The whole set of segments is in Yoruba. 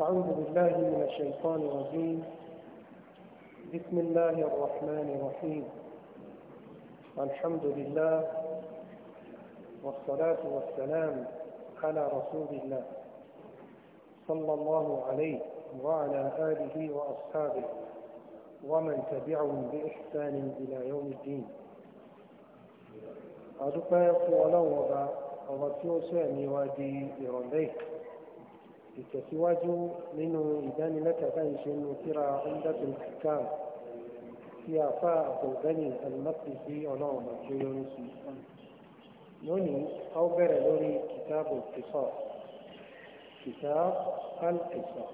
أعوذ بالله من الشيطان الرجيم بسم الله الرحمن الرحيم الحمد لله والصلاة والسلام على رسول الله صلى الله عليه وعلى آله وأصحابه ومن تبعهم بإحسان إلى يوم الدين أدفع يقول الله وضع وضع ó sọ ẹ̀mí ìtẹ̀síwájú nínú ìdánilẹ́kẹ̀ẹ́ta ìṣẹ́nu síra ọ̀ndàtò kàn tí a fa àbọ̀gánì alimọ́sí sí ọ̀nà ọ̀nà tó yọrí sí. lónìí a ó bẹ̀rẹ̀ lórí kìtàbù kìsọ̀ kìtàbù alkìsọ̀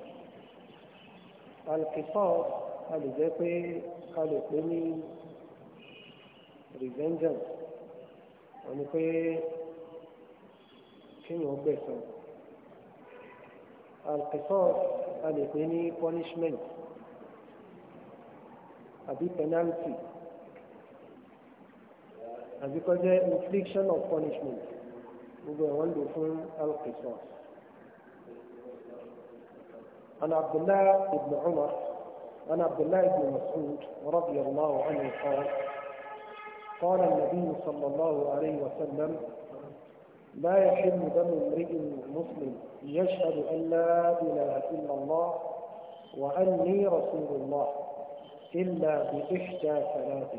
alkìsọ̀ a lè jẹ́ pé a lè pè ní revengeance wọ́n ni pé kéèyàn gbẹ̀sán. القصاص الاثنيني بونشمنت ابي بنالتي ابي كوزا انفليكشن اوف بونشمنت وهو هون بيكون القصاص عن عبد الله بن عمر عن عبد الله بن مسعود رضي الله عنه قال قال النبي صلى الله عليه وسلم لا يحل دم امرئ مسلم يشهد أن لا إله إلا الله وأني رسول الله إلا بإحدى ثلاث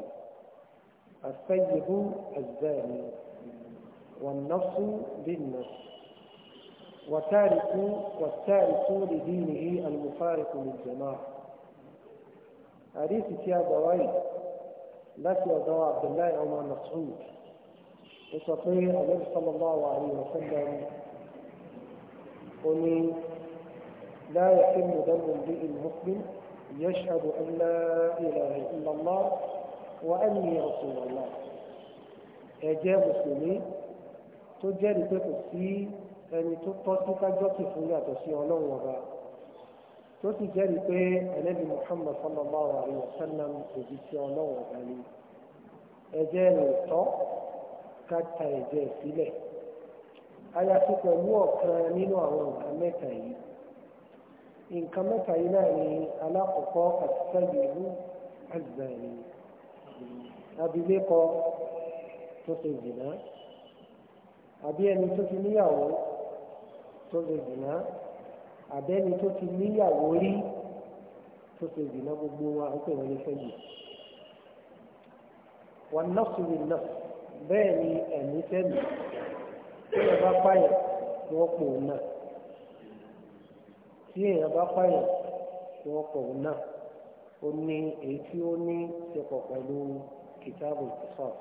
السيد الزاني والنفس بالنفس وتارك والتارك لدينه المفارق للجماعة حديث يا بوي لك يا عبد الله عمر مسعود وتطيع النبي صلى الله عليه وسلم قل لا يتم دم امرئ مسلم يشهد ان لا اله الا الله واني رسول الله ẹjẹ mùsùlùmí tó jẹ́rìí pé kò sí ẹni tó tọ́ sí kájọ́sì fún yàtọ̀ sí ọlọ́run ọba tó sì jẹ́rìí pé ẹlẹ́bi muhammad sallallahu alayhi wa sallam kò bí sí ọlọ́run ọba ni ẹjẹ́ rẹ̀ tọ́ ká ta ẹ̀jẹ̀ sílẹ̀ àyàfi pẹ̀lú ọ̀kan nínú àwọn nǹkan mẹ́ta yìí nǹkan mẹ́ta yìí náà ni alákọ̀ọ́kọ́ àti sáyẹ̀wò àgbàyìn abilékọ tó ṣe zìnà àbí ẹni tó ti níyàwó tó ṣe zìnà àbẹ́ni tó ti níyàwó rí tó ṣe zìnà gbogbo wa ó pè wọ́n ní sẹ́yìn wọn náà sùn ní náà bẹ́ẹ̀ ni ẹ̀mí tẹ́lẹ̀ tí èèyàn bá pààyàn wọ́n pò ó náà tí èèyàn bá pààyàn wọ́n pò ó náà ó ní èyí tí ó ní ṣe pọ̀ pẹ̀lú kìtàbù ìtìsọ́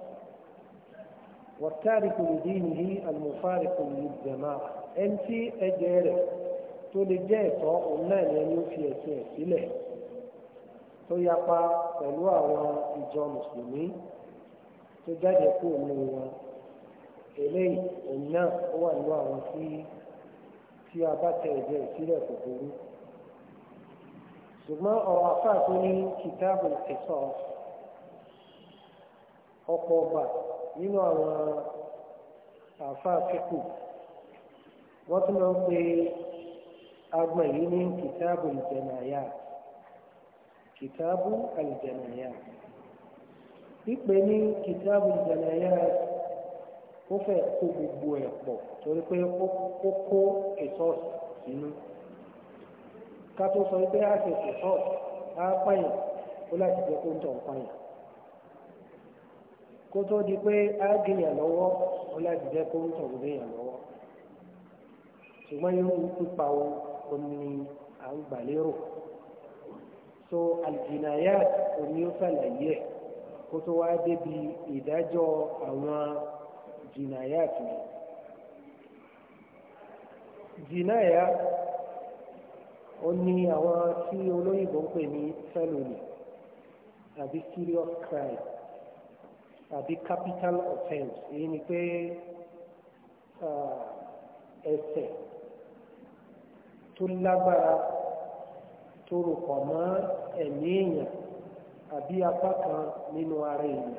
wàtárìkù ìdíni yìí àlùmọ́fárìkù yìí jẹ̀má ẹni tí ẹ̀jẹ̀ rẹ̀ tó lè jẹ́ ẹ̀tọ́ òun náà ni ẹni ó fi ẹ̀sìn ẹ̀ sílẹ̀ tó yapa pẹ̀lú àwọn ìjọ mùsùlùmí. tó jáde kúrò nínú wọn eléyìí òun wà àwọn tí tí a bá tẹ ẹ̀jẹ̀ ìsílẹ̀ kò ṣùgbọ́n ọ̀rọ̀ àfáà ní kìtáàbù ìtẹ̀sọ̀ ọ̀pọ̀ ọba nínú àwọn agbọ̀n yìí ní ìjẹ̀nàyà pípé ní kìtàbù ìjànàyà ó fẹ́ kó gbogbo ẹ̀ pọ̀ torí pé ó kó ìsọ́ọ̀sì sínú ká tó sọ pé a ṣe ìsọ́ọ̀sì á pààyàn ó láti jẹ́ kó ń tọ̀ ń pààyàn kó tó di pé á gèèyàn lọ́wọ́ ó láti jẹ́ kó ń tọ̀ ń gèèyàn lọ́wọ́ ṣùgbọ́n irú pípa wo omi à ń gbà lérò so àlìjìnàyà omi ó ṣàlàyé ẹ̀. kó tó wá débi ìdájọ́ àwọn jìnnàyà tìǹbù jìnnàyà ó ní àwọn tí olóyìnbó ń pè ní felony àbí serious crime àbí capital offence èyí ni pé ẹ̀ṣẹ̀ tó lágbára tó rò pọ̀ mọ́ ẹ̀mí èèyàn. àbí apá kan nínú ara èèyàn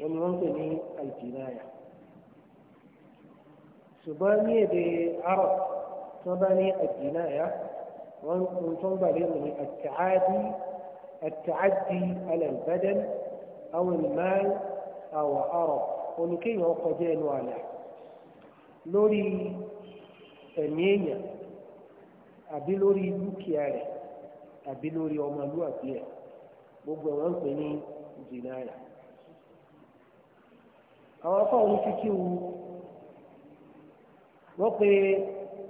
wọn ni wọ́n ń pè ní àìjìnnáyà ṣùgbọ́n ní èdè arọ tí wọ́n bá ní àìjìnnáyà wọ́n ń tó ń gbà lérò ní àtàádì àtàádì alàlbẹ́dẹ́n àwọn ìmáàlì àwọn arọ oníkéèyàn kọjá ẹnu àlà lórí ẹ̀mí èèyàn àbí lórí dúkìá rẹ̀ àbí lórí ọmọlúwàbí ẹ̀ gbogbo wọn ń pè ní jìnnáyà àwọn afáwọn oníkíkí wu wọ́n pe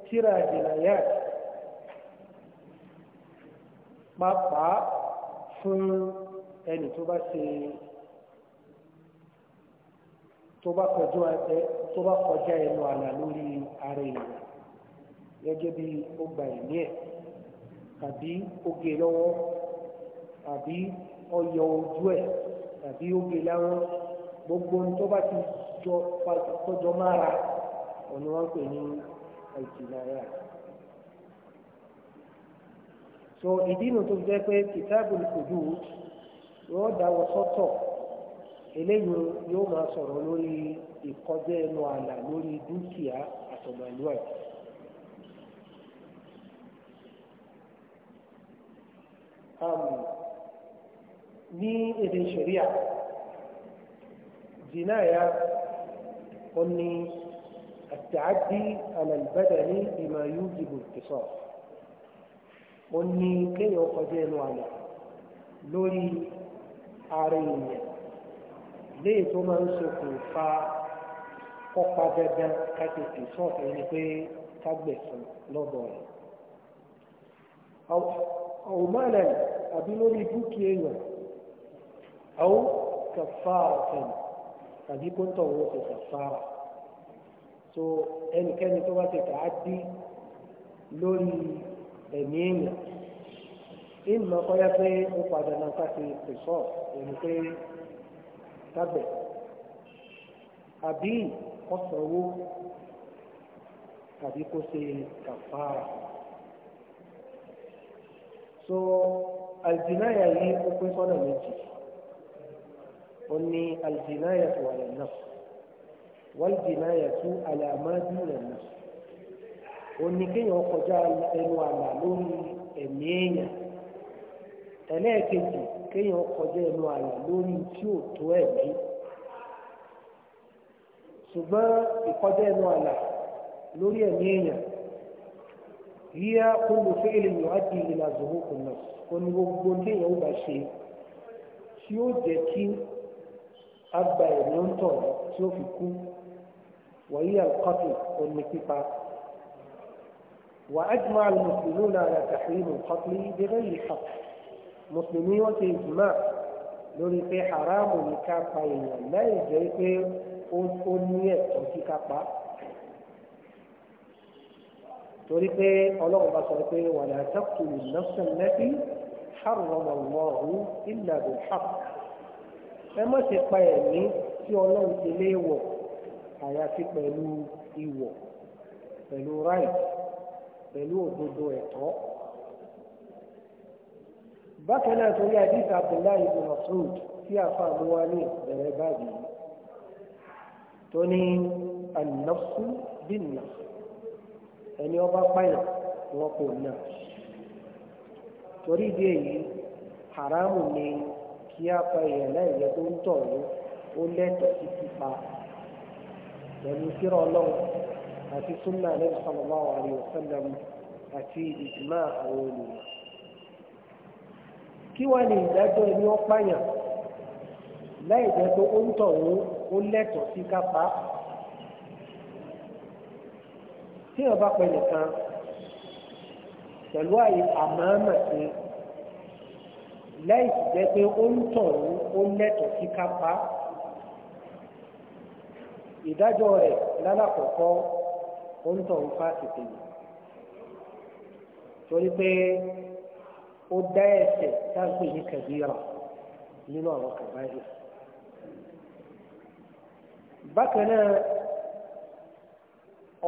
tíra jìnnáyà pàápàá fún ẹni tó bá ṣe tó bá kọjá ẹnu àlà lórí ara èèyàn gẹ́gẹ́ bí ó gba ẹ̀mí ẹ̀ tàbí ó gé lọ́wọ́ tàbí ó yọ ojú ẹ̀ tàbí ó gé láwọ́ gbogbo ohun tó bá ti tọjọ mára ọ̀nà wọn pè ní àìsìláyà. so ìdí inú tó fi jẹ́ pé kìtàbùl hudud yóò dáwọ́ sọ́tọ̀ eléyìí yóò máa sọ̀rọ̀ lórí ìkọjá ẹnu ààlà lórí dúkìá àtọ̀mọ̀lúwàbí. Um, ní èdè ṣẹ̀ríà jìnnáyà ó ní àtàdí àlàlùbẹ́dẹ̀ ní ìmọ̀ yóò dìbò ìsọ̀ ó ní kéèyàn kọjá ẹnu àlà lórí ara èèyàn léè tó máa ń ṣokùnfà kọ́pa dandan ká tètè sọ̀tẹ̀ pé ká gbẹ̀sán rẹ̀ ọ̀mọ́lẹ̀ àbí lórí dúkìá èèyàn àwọn kàfàrà kan tàbí kó ń tọ̀ wọ́n ṣe kàfàrà so ẹnikẹ́ni tó bá ti kà á dí lórí ẹ̀mí èèyàn ìmọ̀ kọ́yá pé ó padà náà káfí pèsọ́ ẹni pé tábẹ̀ àbí kọ́sọ̀wó tàbí kó ṣe kàfàrà so alìjìnáyà yìí ó pín sọ́nà méjì ó ní alìjìnáyà tó àlẹ́ náà wàlìjìnáyà tó àlẹ́ àmọ́dún rẹ̀ náà ó ní kéèyàn kọjá ẹnu àlà lórí ẹ̀mí èèyàn ẹlẹ́ẹ̀kejì kéèyàn kọjá ẹnu àlà lórí tí ò tó ẹ̀mí ṣùgbọ́n ìkọjá ẹnu àlà lórí ẹ̀mí èèyàn. هي كل فعل يؤدي إلى زهوق النفس òní gbogbo tí èèyàn ó bá ṣe tí ó jẹ́ kí agba ẹ̀mí ń tọ̀ tí ó fi kú wàyí alqatl òní pípa wà ajma al-muslimuna ala tahrim al-qatl bi ghayri haqq mùsùlùmí wọ́n ti ìjùmọ̀ lórí pé haramu ní ká pa èèyàn láì jẹ́ pé ó ní ẹ̀tọ́ sí ká pa á torí pé ọlọ́run bá sọ pé wala taqtulu nafsa allati harrama Allahu illa bil haqq ẹ má ṣe pa ẹ̀mí tí ọlọ́run ti léèwọ̀ àyàfi pẹ̀lú ìwọ̀ pẹ̀lú ráì pẹ̀lú òdodo ẹ̀tọ́. bákan náà torí àdìsí Abdullahi ibn Mas'ud tí a fa àmúwá ní ìbẹ̀rẹ̀ báyìí tó ní an-nafsu ẹni ọba pààyàn wọn kò nà torí ìdí èyí haramu ni kí a pa èèyàn náà yẹ tó ń tọ̀ ọ́ ó lẹ́tọ̀ọ́ sí pípa pẹ̀lú síra ọlọ́run àti súnà lẹ́yìn sallallahu alaihi wasallam àti ìjìmá àwọn olùwà. kí wàá ní ìdájọ́ ẹni ọ̀páyàn láì jẹ́ pé ó ń tọ̀ ọ́ ó lẹ́tọ̀ọ́ sí kápá tí wọ́n bá pẹ́ nìkan pẹ̀lú àyè àmàmà ṣe láì sì jẹ́ pé ó ń tàn ó lẹ́tọ̀ọ́ sí kápá ìdájọ́ rẹ̀ lálàkọ̀ọ́kọ́ ó ń tàn fásitì yìí torí pé ó dá ẹ̀ṣẹ̀ sáàpì ní kẹbíra nínú àwọn kàbáyé bákan náà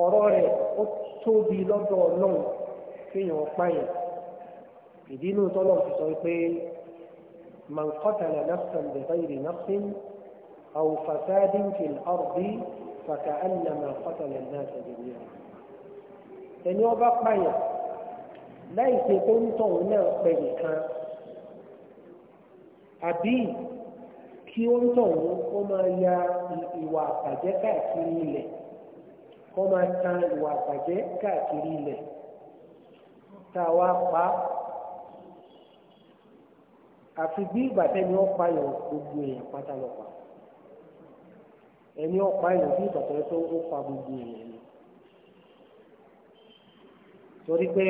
ọ̀rọ̀ rẹ̀ ó tóbi lọ́dọ̀ ọlọ́run kéèyàn pààyàn ìdínú tọ́lọ̀ fi sọ pé man qatala nafsan bi ghayri nafsin aw fasadin fil ardi faka'annama qatala an-nasa jami'an ẹni ọba pààyàn láì ṣe tó ń tọ̀hún náà pẹ̀ nìkan àbí kí ó ń tọ̀hún ó máa ya ìwà àbàjẹ́ káàkiri ilẹ̀ kọ́ máa tan ìwà àbàjẹ́ káàkiri ilẹ̀ tá a wá pa á àfi bí ìgbà tẹ́ni ọ̀pá yàn gbogbo èèyàn pátá lọ́pa ẹni ọ̀pá yàn bí ìgbà tẹ́ni tó ó pa gbogbo èèyàn ni torí pé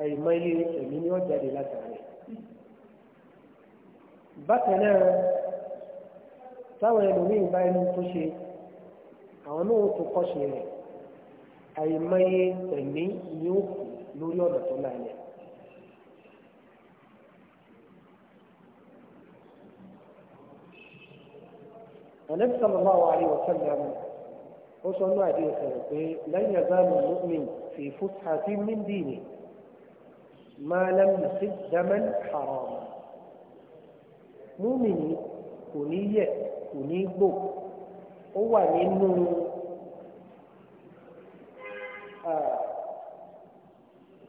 àìmọ̀ iye ẹ̀mí ni ó jáde látàrí bákan náà táwọn ẹlòmíín bá ẹni tó ṣe àwọn náà tó kọ́ṣe rẹ̀ àìmọye ẹ̀mí ni ó kù lórí ọ̀nà tó láyẹ̀. النبي صلى الله عليه وسلم وصلنا عليه وسلم لن يزال المؤمن في فسحة من دينه ما لم يصب دما حراما مؤمن كنية كنيبو ó wà nínú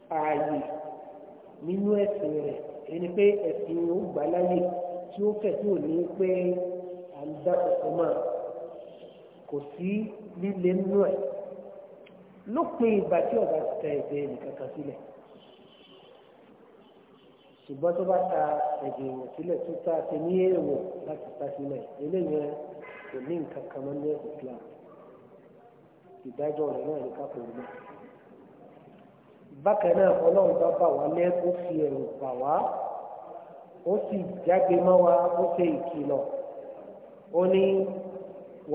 ààyè nínú ẹ̀sìn rẹ̀ ẹni pé ẹ̀sìn ó gbà láyè tí ó fẹ̀ tí ò ní pé à ń dá ọ̀pọ̀ máa kò sí líle nínú ẹ̀ lópin ìgbà tí ọ̀gá ti tẹ ẹ̀jẹ̀ nìkankan sílẹ̀ ṣùgbọ́n tó bá ta ẹ̀jẹ̀ ìwọ̀ sílẹ̀ tó ta ti ní èèwọ̀ láti ta sílẹ̀ eléyìí kò ní nǹkan kan mọ́ ní ẹ̀sìn Islam ìdájọ́ rẹ̀ náà ní kápò náà bákan náà ọlọ́run bá bà wá lẹ́ ó fi ẹ̀rù bà wá ó sì jágbe mọ́ wa ó ṣe ìkìlọ̀ ó ní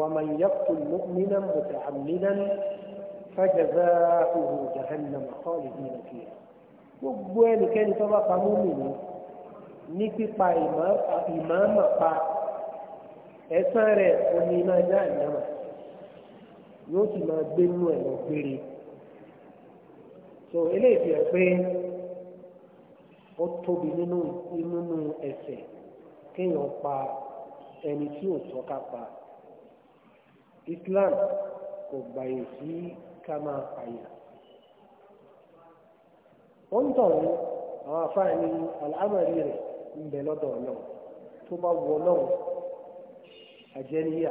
ومن يقتل مؤمنا متعمدا فجزاؤه جهنم خالدين فيها gbogbo ẹnikẹ́ni tó bá pa mú mi ní pípa ìmáàmà pa ẹ̀sán rẹ̀ omi máa na ìyáma yóò sì máa gbé nínú ẹ̀ lọ gbére so eléyìí fi pé ó tóbi nínú nínú ẹ̀ṣẹ̀ kéèyàn pa ẹni tí ò tọ́ka pa Islam kò gbàyè sí ká máa pààyàn ó ń tọ̀rọ̀ àwọn afáàní rẹ̀ ń bẹ lọ́dọ̀ ọlọ́run tó àjẹníyà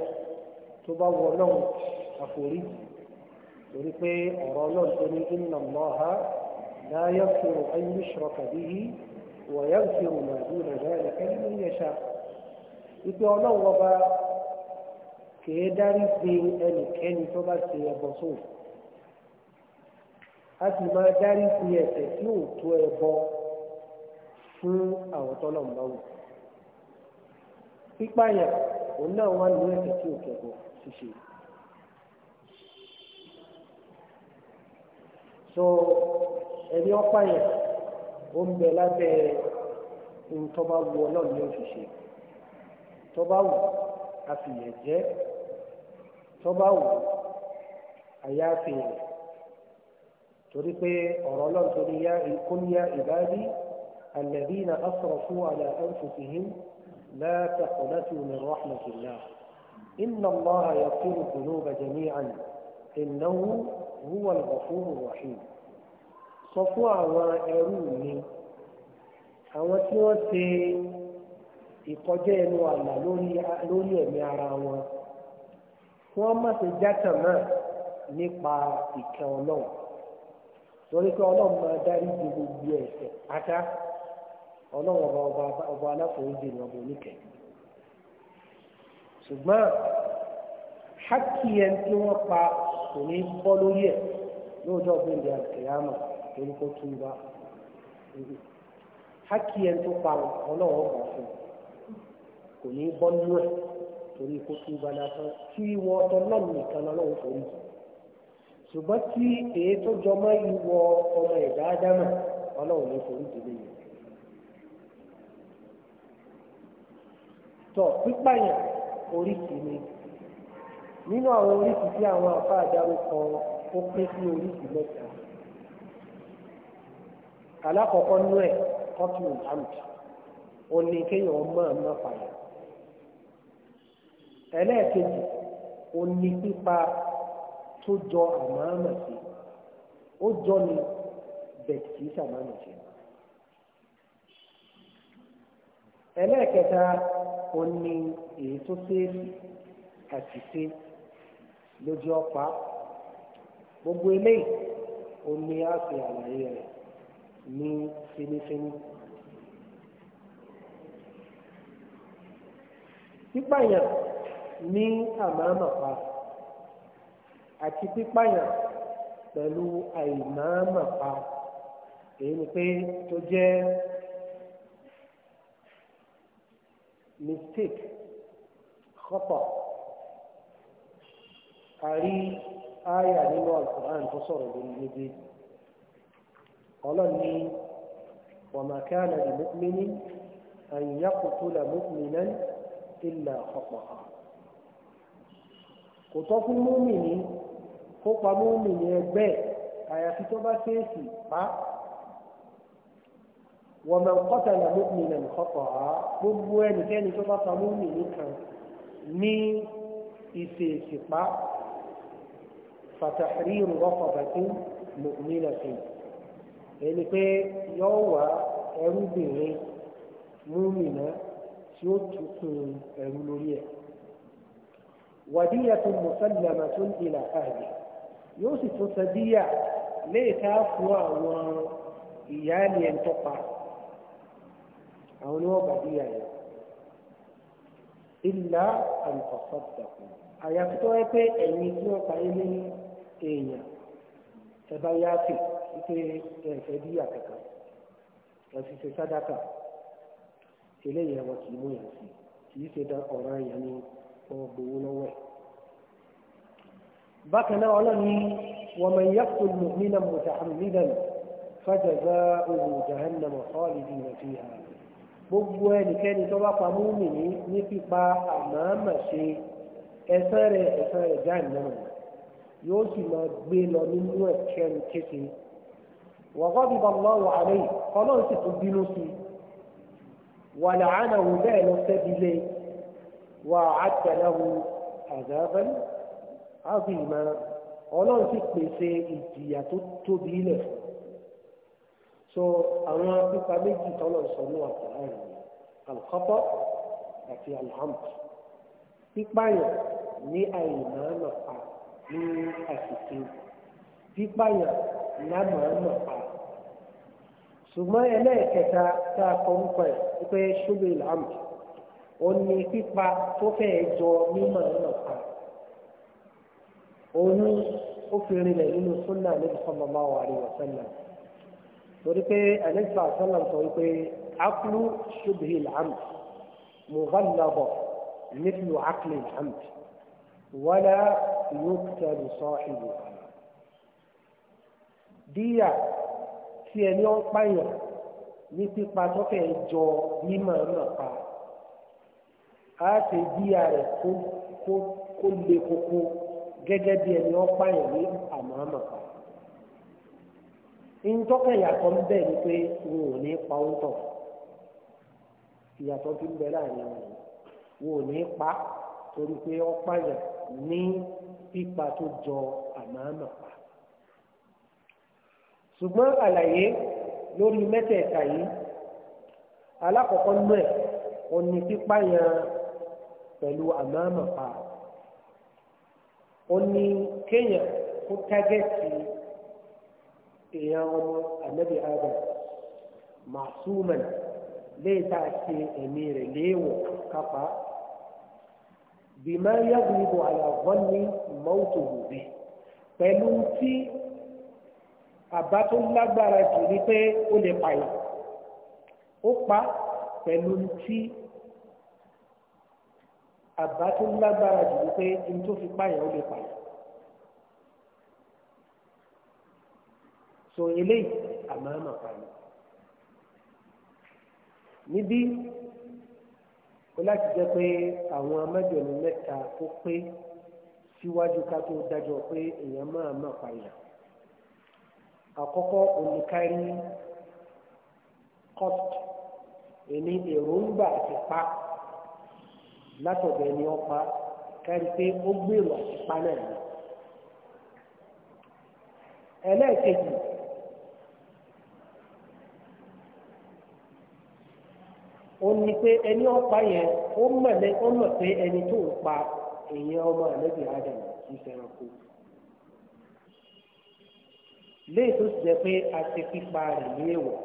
tó bá wọ náà àforíjì torí pé ọ̀rọ̀ náà tó ní inna Allaha la yaghfiru an yushraka bihi wa yaghfiru ma duna dhalika liman yasha wípé ọlọ́run ọba kìí dárí gbé ẹnikẹ́ni tó bá ṣe ẹbọ sóò a sì máa dárí gbé ẹ̀ṣẹ̀ tí ò tó ẹbọ fún àwọn tọ́lọ̀ ń bá wò pípáyà òun náà wà nínú ẹ̀sẹ̀ tí ò kẹ́kọ̀ọ́ so ẹni ọ̀pá yẹn ó ń bẹ lábẹ́ ntọ́ba wu ọlọ́run ní òṣìṣẹ́ tọ́ba wù àfihàn jẹ́ tọ́ba wù àyà àfihàn torí pé ọ̀rọ̀ ọlọ́run torí yá ìkóníyà ìbáàdí alladhina asrafu ala anfusihim. لا تقنطوا من رحمة الله إن الله يغفر الذنوب جميعا إنه هو الغفور الرحيم صفوا وأروني àwọn tí wọ́n ṣe ìkọjá ẹnu àlà lórí ẹ̀mí ara wọn wọ́n má ṣe jákàn náà nípa ọlọ́wọ́n ọba ọba ọba aláforíjì ni ọba oníkẹ́ ṣùgbọ́n hákì tí wọ́n pa kò ní bọ́ lórí ẹ̀ lóòjọ́ gbẹ̀ndẹ̀ àkèyàmà torí kó tún wá tó pa ọba fún un kò ní bọ́ ẹ̀ torí tún wá lásán tí nìkan lọ́wọ́ ṣùgbọ́n tí èyí tó jọmọ́ ìwọ ọmọ ẹ̀dá ádámà yìí. tọ pípààyàn oríṣi ni nínú àwọn oríṣi tí àwọn àfa àdárúkọ ó pé sí oríṣi mẹ́ta alákọ̀ọ́kọ́ nú ẹ̀ kọ́tùnù àmì ó ní kéèyàn máa má pààyàn ẹlẹ́ẹ̀kejì ó ní pípa tó jọ àmàmà sí ó jọ ni bẹ̀tì kì í sàmàmà sí ẹlẹ́ẹ̀kẹta Oni ní èyí tó séèfì àṣìṣe lójú ọ̀pá gbogbo eléyìí ó ní a ṣe àlàyé rẹ̀ ní fínífíní. pípàyàn ní àmàmàpa àti pípàyàn pẹ̀lú àìmàmàpa èyí ni pé tó jẹ́ mistake kọ́pọ̀ àrí àyà nínú alukur'an tó sọ̀rọ̀ lórí méjèèjì ọlọ́ni وما كان لمؤمن أن يقتل مؤمنا إلا خطأ kò tọ́ fún múmìnì kó pa múmìnì ẹgbẹ́ àyàfi tó bá ṣèèṣì pa wọ́n máa ń kọ́ta ní àmúkùnmí náà ní kọ́kọ́ á gbogbo ẹnikẹ́ni tó bá pa múmi nìkan ní ìṣe ìṣìpá fàtàrí ìrùwọ́pọ̀ bàtí múmi náà fi ẹni pé yóò wá ẹrúbìnrin múmi náà tí ó tukùn ẹrú lórí ẹ̀ wàdíyàtò mùsàlámà tó ń ilà káàdì yóò sì tún sàdíyà léè ká fún àwọn ìyá ẹni àwọn ni wọ́n bá bí àyè ìlà àǹtọ̀sọ̀dàkù àyàfi tó wáyé pé ẹ̀yin tí wọ́n parí ní èèyàn ẹ bá yáàfì wípé ẹ̀fẹ́ bí àkàkà ẹ̀sìsẹ́ sádàkà eléyìí ẹ̀wọ̀n kì í mú yàn sí kì í ṣe dá ọ̀rọ̀ yẹn ní wọ́n gbowó lọ́wọ́ ẹ̀. bákan náà ọlọ́ni wọ́n mọ̀ yàtò mọ̀mínà mọ̀tàhàmídàn fàjàgbá òhùn jahannama khalidina fiha gbogbo ẹnikẹ́ni tó bá pa múmi ní ní pípa àmàmà ṣe ẹ̀san rẹ̀ ẹ̀san rẹ̀ Jahannam yóò sì máa gbé lọ nínú ẹ̀kẹ́ni kéṣe wàhọ́bí bàbá wà lẹ́yìn ọlọ́run sì tún bínú sí i wà làánà wò bẹ́ẹ̀ lọ sẹ́bi lé wà àtẹnáwó àdáfẹ́lẹ́ àbí ìmọ̀ ọlọ́run sì pèsè ìjìyà tó tóbi lẹ̀ fún so àwọn pípa méjì tọ́lọ̀ sọ ní àkùrán alkọ́pọ́ àti alhamd pípààyàn ní àìmọ̀ọ́mọ̀ pa ní àsìkò pípààyàn lámọ̀ọ́mọ̀ pa ṣùgbọ́n ẹlẹ́ẹ̀kẹta tá a kọ nípa ẹ̀ wípé ṣúgbẹ́ alhamd ó ní pípa tó fẹ́ẹ́ jọ mímọ̀ọ́mọ̀ pa òun ó fi rinlẹ̀ nínú súnà níbi sọ́mọ́ bá wà rí wọ́sán náà torí pé ẹlẹ́sìn àṣọlá sọ wípé aklu ṣubhi alhamd mughalaba mithlu akli alhamd wala yuktalu sahibu díyà tí ẹni ọ̀ pààyàn ní pípa tó fẹ́ jọ mímọ̀ náà pa á ṣe díyà rẹ̀ kó lè koko gẹ́gẹ́ bí ẹni ọ̀ pààyàn ní àmọ́ àmọ́ pa ntọ́ka ìyàtọ̀ ń bẹ ni pé wọn ò ní pa ó tọ̀ ìyàtọ̀ ti ń bẹ láàrin wọn wọn ò ní pa torí pé ọ̀pá yà ní pípa tó jọ àmàmà pa ṣùgbọ́n àlàyé lórí mẹ́tẹ̀ẹ̀ta yìí alákọ̀ọ́kọ́ nú ẹ̀ pípa yẹn pẹ̀lú àmàmà pa ó kéèyàn kó tágẹ́tì èèyàn ọmọ ànábì adam màsúmẹ̀ lẹ́yìn tá a ṣe ẹ̀mí rẹ̀ léèwọ̀ kápá bìmọ̀ yàgùnìbò àyàwọ́n ní mọ́tò òbí pẹ̀lú tí àbá tó lágbára jù ní pé ó lè pààyàn ó pa pẹ̀lú tí àbá tó lágbára jù ní pé ní tó fi pààyàn ó lè pààyàn. so eléyìí àmàmà pàlẹ́ níbí ó láti jẹ́ pé àwọn amájọ̀nù mẹ́ta ó pé síwájú ká tó dájọ pé èèyàn máa má àkọ́kọ́ oníkárí cost èmi èròǹgbà àti pa látọ̀dọ̀ pa náà ni ẹlẹ́ẹ̀kejì. ó ní pé ẹni ọ̀pá yẹn ó mọ̀lẹ́ ó mọ̀ pé ẹni tó ń pa èèyàn ọmọ àlẹ́bí adam ti fẹ́ràn kú. léyìí tó ti pé a ti pípa rẹ̀ ní èèwọ̀.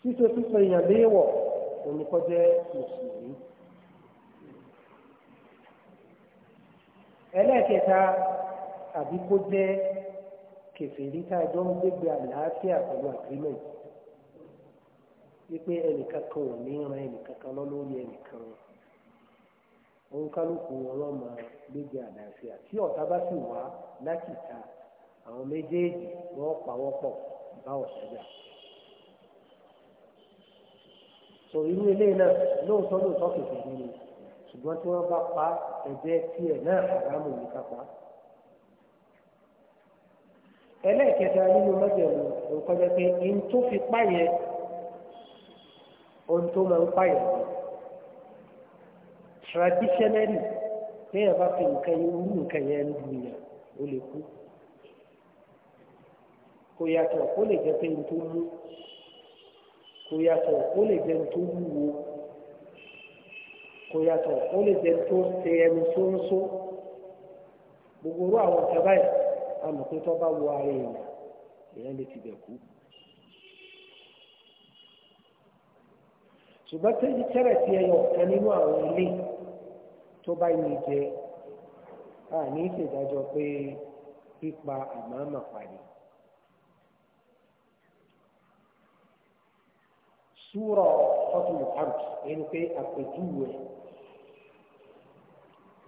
ṣíṣe pípa èèyàn léèwọ̀ òní kọ́ mùsùlùmí. ẹlẹ́ẹ̀kẹta àbí kó jẹ́ jọ ń wípé ẹnìkan kan ò ní ran ẹnìkan kan lọ lórí ẹnìkan òun kálukú ọlọ́mọ gbégbé àdáṣe àti ọ̀tá bá sì wá láti ta àwọn méjèèjì wọ́n pawọ́pọ̀ bá ọ̀ṣẹ́jà. sọ irú eléyìí náà lóòótọ́ lóòótọ́ kìkì ní ni ṣùgbọ́n tí wọ́n bá pa ẹ̀jẹ̀ tiẹ̀ náà àrámù ní kápá. ẹlẹ́ẹ̀kẹta nínú mọ́jẹ̀mú òun kọjá pé ní tó fi pá yẹn. ohun tó máa ń pààyàn ni traditionally téèyàn bá fi nǹkan irú nǹkan yẹn lu yàn ó lè kú kò yàtọ̀ ó lè jẹ́ pé n tó mú kò yàtọ̀ ó lè jẹ́ n tó wúwo kò yàtọ̀ ó lè jẹ́ n tó ṣe ẹnu sóńsó gbogbo orú àwọn ìjọba yìí a mọ̀ pé tó bá wọ ara èèyàn èèyàn lè ti bẹ̀ kú. ṣùgbọ́n tẹ́jú tẹ́rẹ̀ tí ẹyọ ọ̀kan nínú àwọn ilé tó bá ní jẹ a ní ìṣèdájọ́ pé pípa àmàmà parí. súrọ̀ ọ̀tún àrùn ẹni pé àpèjúwe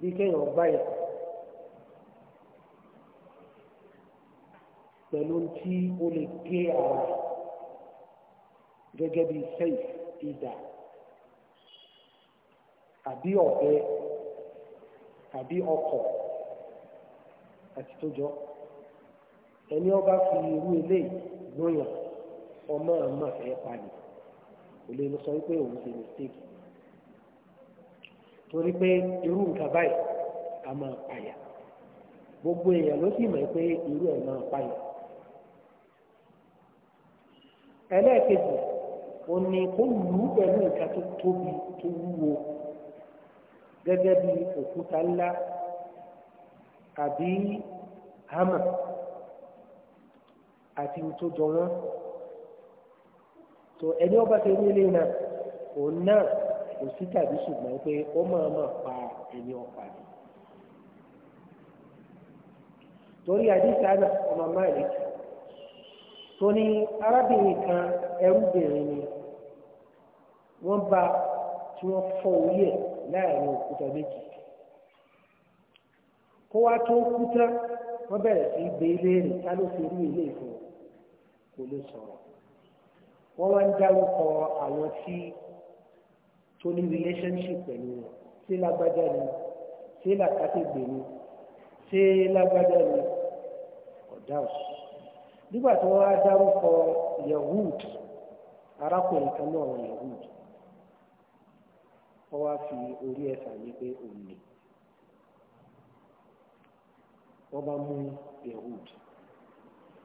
bí kéèyàn báyà pẹ̀lú tí ó lè gé ara gẹ́gẹ́ bíi sẹ́yìn ìdà àbí ọ̀bẹ àbí ọkọ̀ àti tó jọ ẹni ọba fi irú ilé gbóyàn ọmọ ọmọ ẹ palẹ̀ kò lè sọ wípé òun ṣe mistake torí pé irú nǹkan báyìí a máa payà gbogbo èèyàn ló sì mọ̀ pé irú ẹ̀ máa payà ẹlẹ́ẹ̀kejì ó ní kó lù ú pẹ̀lú ìka tó tóbi tó wúwo gẹ́gẹ́ bí òkúta ńlá àbí àti tó jọ wọ́n tó ẹni ọba ṣe ní ilé náà òun náà kò sí tàbí ṣùgbọ́n pé ó máa máa pa ẹni ọ̀pá ni. torí ọmọ tó ní arábìnrin kan ẹrúbìnrin ni. wọ́n bá tí wọ́n fọ́ orí ẹ̀ láàrin òkúta méjì kó wá tó kú tán wọ́n bẹ̀rẹ̀ sí í gbé léèrè ká ló fi rí ilé ìfún kò lè sọ̀rọ̀ wọ́n wá ń dárúkọ àwọn tí tó ní relationship pẹ̀lú wọn ṣé lágbájá ni ṣé làkàtẹ́gbè ni ṣé lágbájá ni ọ̀dáwù nígbà tí wọ́n á dárúkọ yahud arákùnrin kan náà wọ wọ́n wá fi orí ẹ̀sà ní pé òní wọ́n bá mú ehud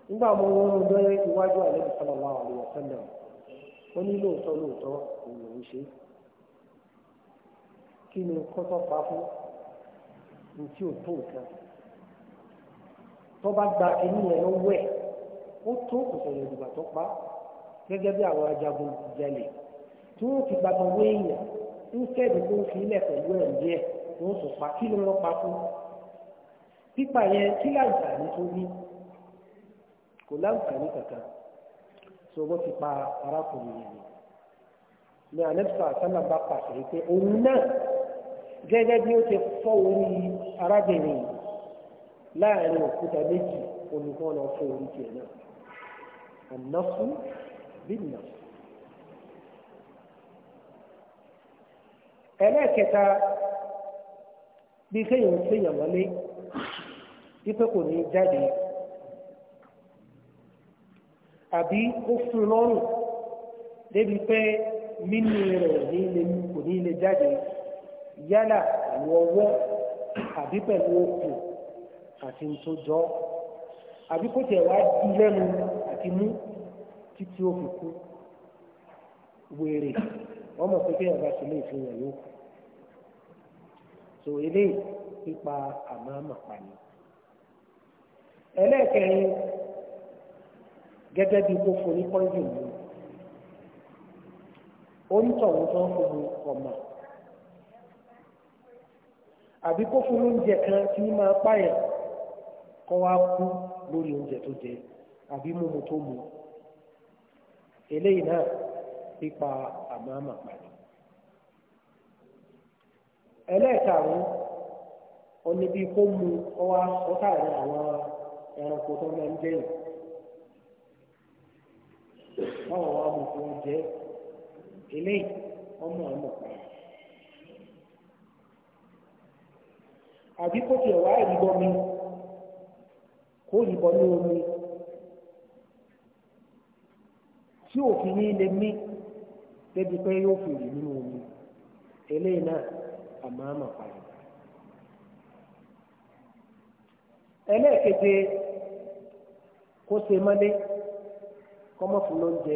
nígbà mọ wọn ń bẹ iwájú àlejò sọlọlá àlùwọ sẹlẹ ó ní lóòótọ́ lóòótọ́ òun lòún ṣe kí ni kọtọ pa fún ní tí ò tó nǹkan tó bá gba ẹni yẹn lọ́wọ́ ẹ̀ ó tó kòsòyìn ìdìbò tó pa gẹ́gẹ́ bí àwọn ajagun jalè tí wọ́n ti gbàgbọ́ wéèyàn ń kẹ́ẹ̀dì ló ń fi ilẹ̀ pẹ̀lú ẹ̀ díẹ̀ ló ń sùn pa kí ló ń pa fún pípa yẹn kí láǹfààní tó ní kò láǹfààní kankan tí owó ti pa arákùnrin yẹn ni àlẹ́bùsọ̀ àtàlà bá pàṣẹ pé òun náà gẹ́gẹ́ bí ó ti fọ́ orí arábìnrin láàrin òkúta méjì olùkọ́ lọ fọ́ orí tiẹ̀ náà ànáfún bí nàfún. ẹlẹ́ẹ̀kẹta bí kéèyàn kéèyàn wọlé wípé kò ní jáde àbí ó fún lọ́rùn débi pé mímú rẹ̀ kò ní lè jáde yálà pẹ̀lú ọwọ́ àbí pẹ̀lú okùn àti tó jọ àbí kò tẹ̀ wá di lẹ́nu àti mú títí ó fi kú wèrè ọmọ pé kéèyàn bá ti lè fi hàn yókù so eléyìí ipa àmàmà pàní. ẹlẹ́ẹ̀kẹrin gẹ́gẹ́ bí kó foni pọ́ńtì mú ó ń tọ̀ wọ́n tó ń fún mi ọ̀mà àbí kó fún oúnjẹ kan tí máa pààyàn kọ́ wá kú lórí oúnjẹ tó jẹ àbí mímu tó mu eléyìí náà pípa àmàmà pàní. ẹlẹ́ẹ̀karùn-ún ọ̀nà bíi kó mu ọwá ọ̀tàrí àwọn ẹranko tó máa ń jẹ́ yìí báwọn wá mu fún ọjẹ́ eléyìí ọmọ àmọ̀ àbí kó tiẹ̀ wá ìbọn mi kó ìbọn ní omi tí òfin ní débi pé omi eléyìí náà. àmàmà padà. ẹlẹ́ẹ̀keje kó ṣe mọ́lé kọ́mọ́ fún lóúnjẹ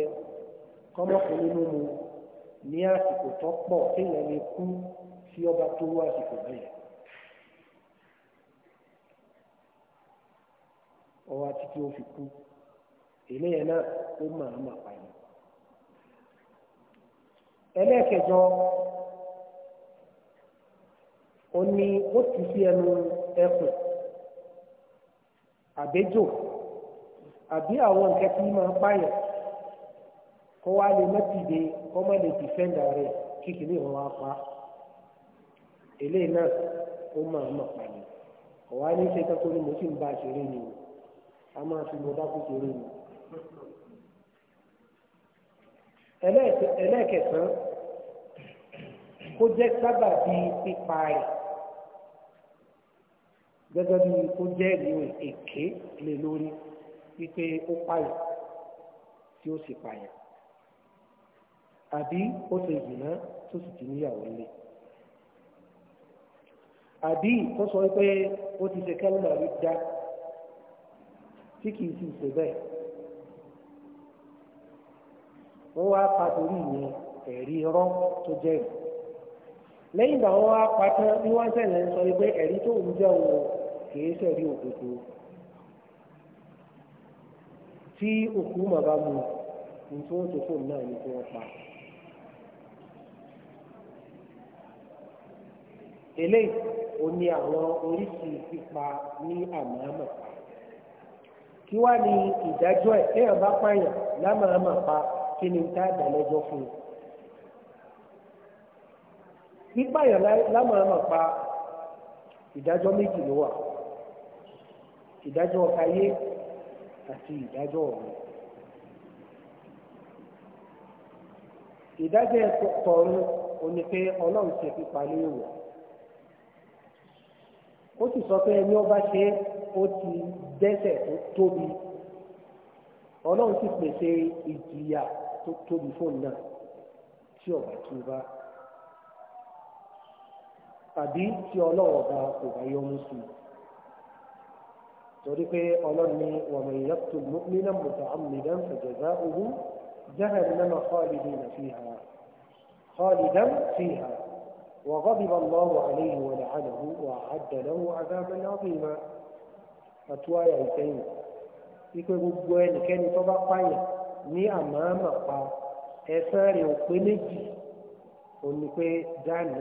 kọ́mọ́ fún nínú mu ní àsìkò tó pọ̀ kéèyàn lè kú sí ọba tó wá àsìkò bẹ́ẹ̀. ọwọ́ àti tí ó fi kú eléyẹn náà ó máa máa pààyàn. ẹlẹ́ẹ̀kẹjọ ó ní ó ti sí ẹnu ẹkùn àbẹ́jò àbí àwọn nǹkan tí máa báyọ̀ kó wá lè má dìde kó má lè dìfẹ́ǹdà rẹ̀ kíkiri ìwọ̀n wa pa eléyìí náà ó máa mọ̀ pàdé ọ̀wá ní ṣe kẹ́kọ̀ọ́ ni mo sì ń bá a ṣeré ni a máa fi mo bá kú ṣeré ni ẹlẹ́ẹ̀kẹsàn kó jẹ́ sábà di pípa rẹ̀ gẹ́gẹ́ bí kó jẹ́ ìlú èké lé lórí wípé ó pààyàn tí ó sì pààyàn àbí ó ṣe ìdìnnà tó sì ti níyàwó lé àbí ó sọ pé ó ti ṣe kẹ́lùmọ̀ rí dá tí kìí sì ṣe bẹ́ẹ̀ wọ́n wá pàtó rí ìyẹn ẹ̀rí irọ́ tó jẹ́ ìlú lẹ́yìn ìgbà wọn wá patán bí wọ́n sẹ̀lẹ̀ ń sọ pé ẹ̀rí tó ń jẹ́ òun kìí sẹ̀rí òkòtò tí òkú mà bá mu nǹkan tó fòun náà ní kí wọ́n pa. eléyìí ó ní àwọn oríṣi pípa ní àmàmà kí wá ní ìdájọ́ ẹ̀ kéèyàn bá pààyàn lámàmà pa kí ni tá a fún un pípààyàn lámàámà pa ìdájọ́ méjì ló wà ìdájọ́ ayé àti ìdájọ́ ọ̀run ìdájọ́ tọ̀run òní pé ọlọ́run ṣe pípa léèwọ̀ ó sì sọ pé ẹni ọba ṣe ó ti dẹ́ṣẹ̀ tó tóbi ọlọ́run sì pèsè ìjìyà tó tóbi fóun náà tí ọba tí bá tàbí tí ọlọ́wọ́ bá kò bá yọmú sí i torí pé ọlọ́run ní wàmọ̀ ìyàtọ̀ mọ́mílá mọ̀tà àmìlá fẹ̀jẹ̀dá owó جهنم خالدين فيها خالدا فيها وغضب الله عليه ولعنه وأعد له عذابا عظيما àtúwáyà ìkẹyìn wípé gbogbo ẹnikẹ́ni tó bá pààyàn ní àmàmà pa ẹ̀san rẹ̀ ò méjì òun pé dáàni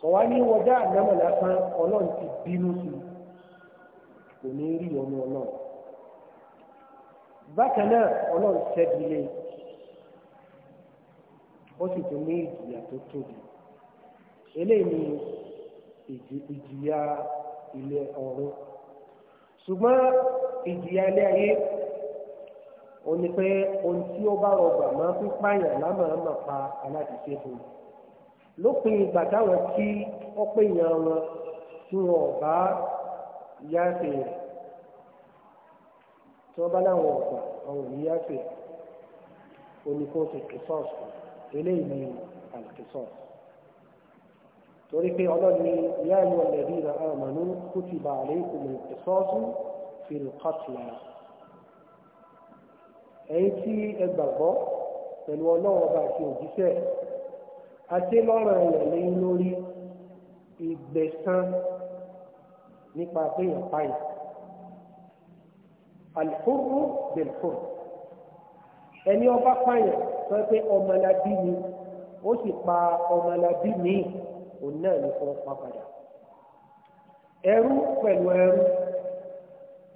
kọ̀wá ní wọjá àdámọ̀ lásán ọlọ́run ti bínú sí kò ní rí ọmọ ọlọ́run bákan náà ọlọ́run ṣẹ́bi lé ó sì tún ní ìjìyà tó tóbi eléyìí ni ìjìyà ilé ọ̀run ṣùgbọ́n ìjìyà ilé ayé ó ní pé ohun tí ó bá rọgbà máa ń pípààyàn lámàá máa pa aláàdìsẹ́ fún un lópin ìgbà táwọn tí wọ́n pè yàn wọn tí wọn ò bá yáàfẹ rẹ̀ tí wọ́n bá láwọn ọ̀gbà àwọn òní yáàfẹ oníkóòtù kìsọ́ọ̀sì eléyìí ni àlùkìsọ́ọ̀sì torí pé ọlọ́ni yá ni ọ̀lẹ́bí ra àmàlú kútìbà àlékún ìkìsọ́ọ̀sì fìlùkọ́tìlá ẹ̀yìn tí ẹ gbàgbọ́ pẹ̀lú ọlọ́wọ́ bá ti òjíṣẹ́ àti lọ́rọ̀ ẹ̀yàn lẹ́yìn lórí ìgbẹ̀sán nípa péyàn páyà alìkúrú bẹ̀rùkúrú ẹni ọba páyà sọ pé ọmọlábí ni ó sì pa ọmọlábí míì òun náà ní kọ́ pa padà ẹrú pẹ̀lú ẹrú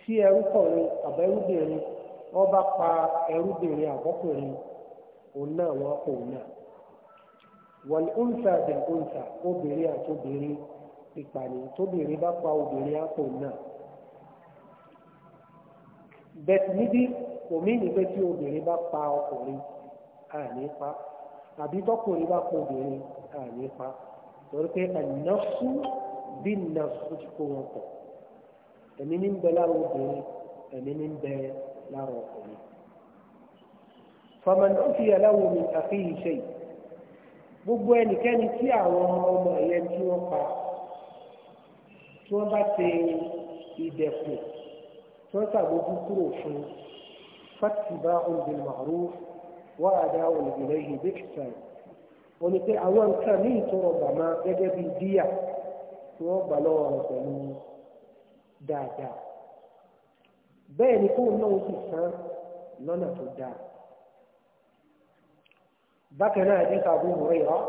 tí ẹrú kọ̀rin àbẹ́rúbìnrin ọba pa ẹrúbìnrin àbọ́kùnrin òun náà wọ́n kò náà wọ́n ounsa bẹ̀ ounsa obìnrin àti obìnrin ìpàdé tóbìnrin bá pa obìnrin àpò náà bẹ́ẹ̀ níbi omi ní pé tí obìnrin bá pa ọkùnrin àní pa àbí tọkùnrin bá pa obìnrin àní pa torí pé ànáfù bí nàfù ti kó wọn pọ̀ ẹ̀mí ní ń lára obìnrin ẹ̀mí ní ń lára ọkùnrin. فمن أوتي له من أخيه شيء gbogbo ẹnikẹ́ni tí àwọn ọmọ ẹ̀yẹ tí wọ́n pa tí wọ́n bá ṣe ìdẹ̀kùn tí wọ́n ṣàbójú kúrò fún fásitìbá olùdìmọ̀rú wà àdá olùdìmọ̀ yìí bẹ́kìtàn wọ́n ní pé àwọn nǹkan ní ìtọ́rọ̀ bàmá gẹ́gẹ́ bíi díyà tí wọ́n gbà lọ́wọ́ rẹ̀ pẹ̀lú dáadáa bẹ́ẹ̀ ni kóun náà ó sì lọ́nà tó dáa bákan náà ní sàbí Hurairah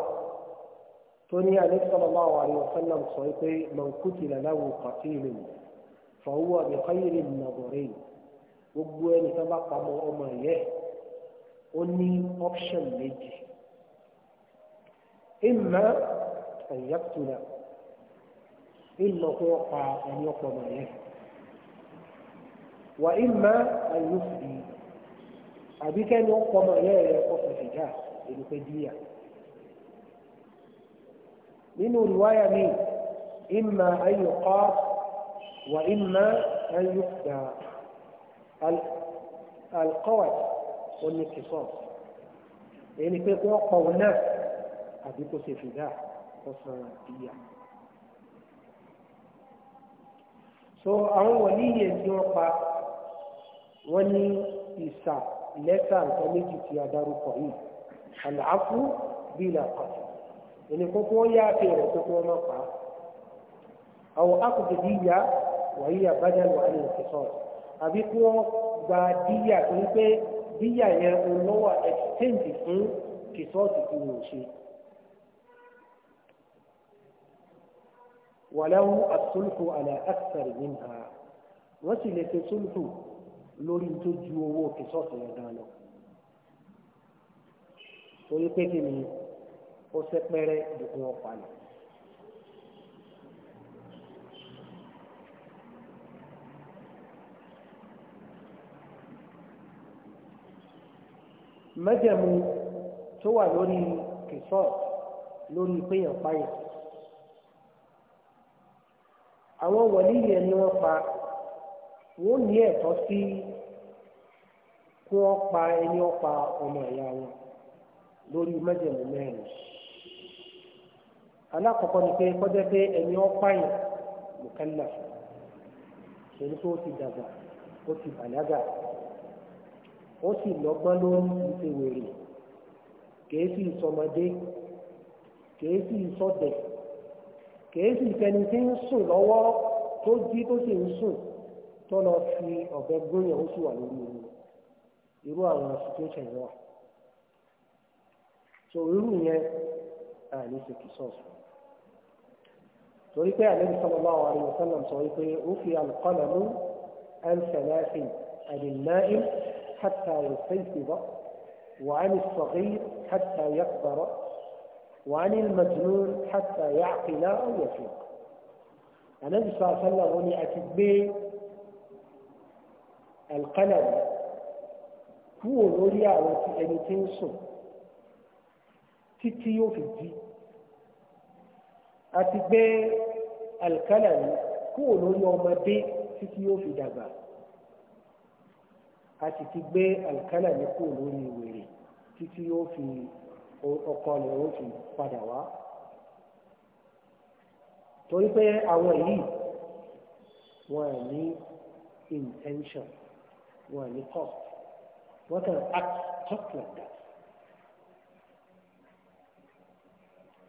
tó ní àní sallallahu alaihi wasallam sọ pé man qutila lahu qatilun fa huwa bi khayrin nadharayn gbogbo ẹni tó bá pamọ́ ọmọ ẹ̀yẹ ó ní option méjì imma an yaqtula imma kó pa ẹni ọ̀pọ̀ ọmọ ẹ̀yẹ wa imma an àbíkẹ́ni ọ̀pọ̀ ọmọ rẹ̀ kọ́ fẹ̀fẹ̀ dáa èyí pé díyà nínú ìwáyà mi ìmà ayọ̀kọ́ wà ìmà ayọ̀kọ́ alkọ́wà oníkìsọ́ èyí ni pé kí wọ́n pọ̀ wọn náà àbí kó ṣe fìdá kó san díyà. so àwọn wọ̀nyíyẹ tí wọ́n pa wọ́n ní ìsà lẹ́tà nǹkan méjì tí a dárúkọ yìí àlàáfù bí làkàtà ẹni kókó yá àti rẹ̀ kókó ọmọ pa àwọn akùnkùn díyà wàyí àbájá wà ní ìfisọ́ọ̀ àbí kí wọ́n gba díyà tó ń pé díyà yẹn olówó ẹ̀kíńtì fún kìsọ́ọ̀tì tí wọ́n ṣe. wàláwù àtúntò àlẹ́ àkàrà nínú ha wọ́n sì lè ṣe túntò lórí tó ju owó kìsọ́ọ̀tì yẹn dáná torí pé kí ni ó sẹpẹrẹ dùkú wọn palẹ̀. mẹ́jẹ̀mú tó wà lórí kìsọ́ lórí péyàn páyà àwọn wọ̀lí yẹn ni wọ́n pa wọ́n ní ẹ̀tọ́ sí kí wọ́n pa ẹni ọ̀pa ọmọ ìyá wọn. lórí mẹ́jẹ̀mú mẹ́rin alákọ̀ọ́kọ́ ni pé kọjá pé ẹni ọ̀páyìn mùkálà ẹni tó ti dàgbà ó ti bàlágà ó sì lọ́gbọ́n lórí ìṣe wèrè kèé sì sọmọdé kèé sì sọdẹ kèé sì fẹni tí ń sùn lọ́wọ́ tó jí tó sì ń sùn tó lọ fi ọ̀bẹ gbóyàn ó sì wà lórí irú àwọn so irú yẹn àní ṣe kì sọ́ọ̀sì torí pé àlẹ́ sallallahu alaihi wasallam sọ wípé ó fi alqalamu an thalathin anil na'im hatta yastayqiz وعن الصغير حتى يكبر وعن المجنون حتى يعقل او يفيق النبي صلى الله عليه وسلم وني اتبي القلم هو ولي على ẹni tí ń sùn títí yóò fi jí àti gbé àlìkálà yìí kúrò lórí ọmọdé títí yóò fi dàgbà a sì ti gbé àlìkálà yìí kúrò lórí wèrè títí yóò fi ọkọ rẹ̀ ó fi padà wá torí pé àwọn yìí wọn à ní intention wọn à ní cost wọn kàn act talk like that.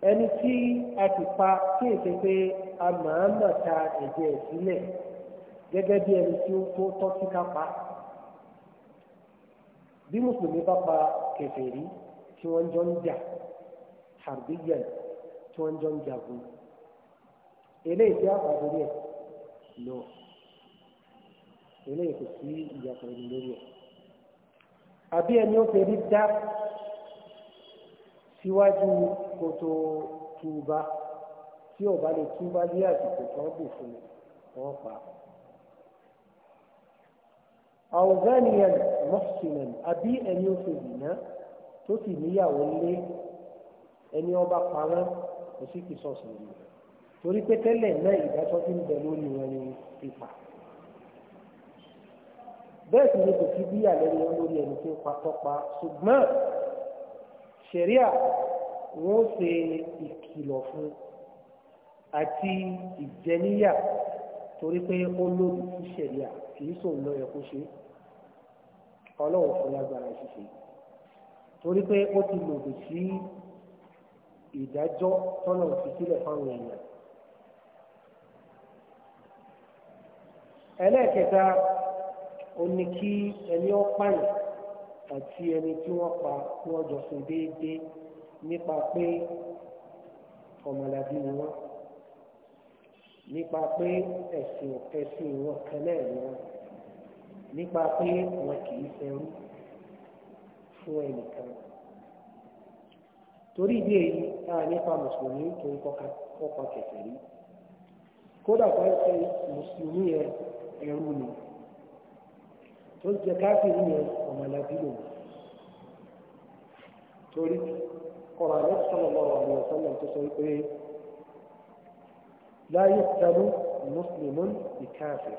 ẹni tí a ti pa kí èsè pé a máa ń ta ẹ̀jẹ̀ sílẹ̀ gẹ́gẹ́ bí ẹni tí ó tó tọ́ sí ká pa bí mùsùlùmí bá pa kèfèrí tí wọ́n jọ ń jà harbiyan tí wọ́n jọ ń jagun eléyìí tí a pa lórí ẹ̀ lọ eléyìí kò sí ìyàtọ̀ ìlú lórí ẹ̀ àbí ẹni ó fẹ́ rí dá síwájú kó tó túba tí ò bá lè túba ní àsìkò tó bù fún wọn pa. àwùzánìyàn mọ́sùlùmí àbí ẹni òṣèlú náà tó sì níyàwó lé ẹni ọba parán kò sí kìí sọ̀sọ̀ rí torí pé tẹ́lẹ̀ náà ìdájọ́ tí ń bẹ lónìí wọn ni pípa bẹ́ẹ̀ sì ni kò sí bí àlẹ́ ni wọn lórí ẹni tó pa ṣùgbọ́n ṣẹ̀ríà wọ́n ṣe ìkìlọ̀ fún àti ìjẹníyà torí pé ó lòdì sí ṣẹ̀ríà kìí sòun lọ yẹ kó ṣe ọlọ́wọ́ fún lágbára ṣíṣe torí pé ó ti lòdì sí ìdájọ́ tọ́nà fi sílẹ̀ fáwọn èèyàn. ẹlẹ́ẹ̀kẹta ó ní kí ẹni ó pààyàn àti ẹni tí wọ́n pa kí wọ́n jọ ṣe déédéé nípa pé ọmọlàbí ni wọ́n nípa pé ẹ̀sìn ẹ̀sìn wọn kan náà ni wọ́n nípa pé wọn kì í ṣẹrú fún ẹnìkan torí ìdí èyí a nípa mùsùlùmí tó ń kọ́ka kẹsẹ̀ rí kódà kọ́ mùsùlùmí yẹn ẹrú ni tó jẹ káfíìrì yẹn ọmọlábí lò torí ọ̀rọ̀ àlẹ́ sọ̀rọ̀ lọ́wọ́ àwọn ọ̀sán tó sọ pé láyé tẹnu mùsùlùmí ìkáàfẹ́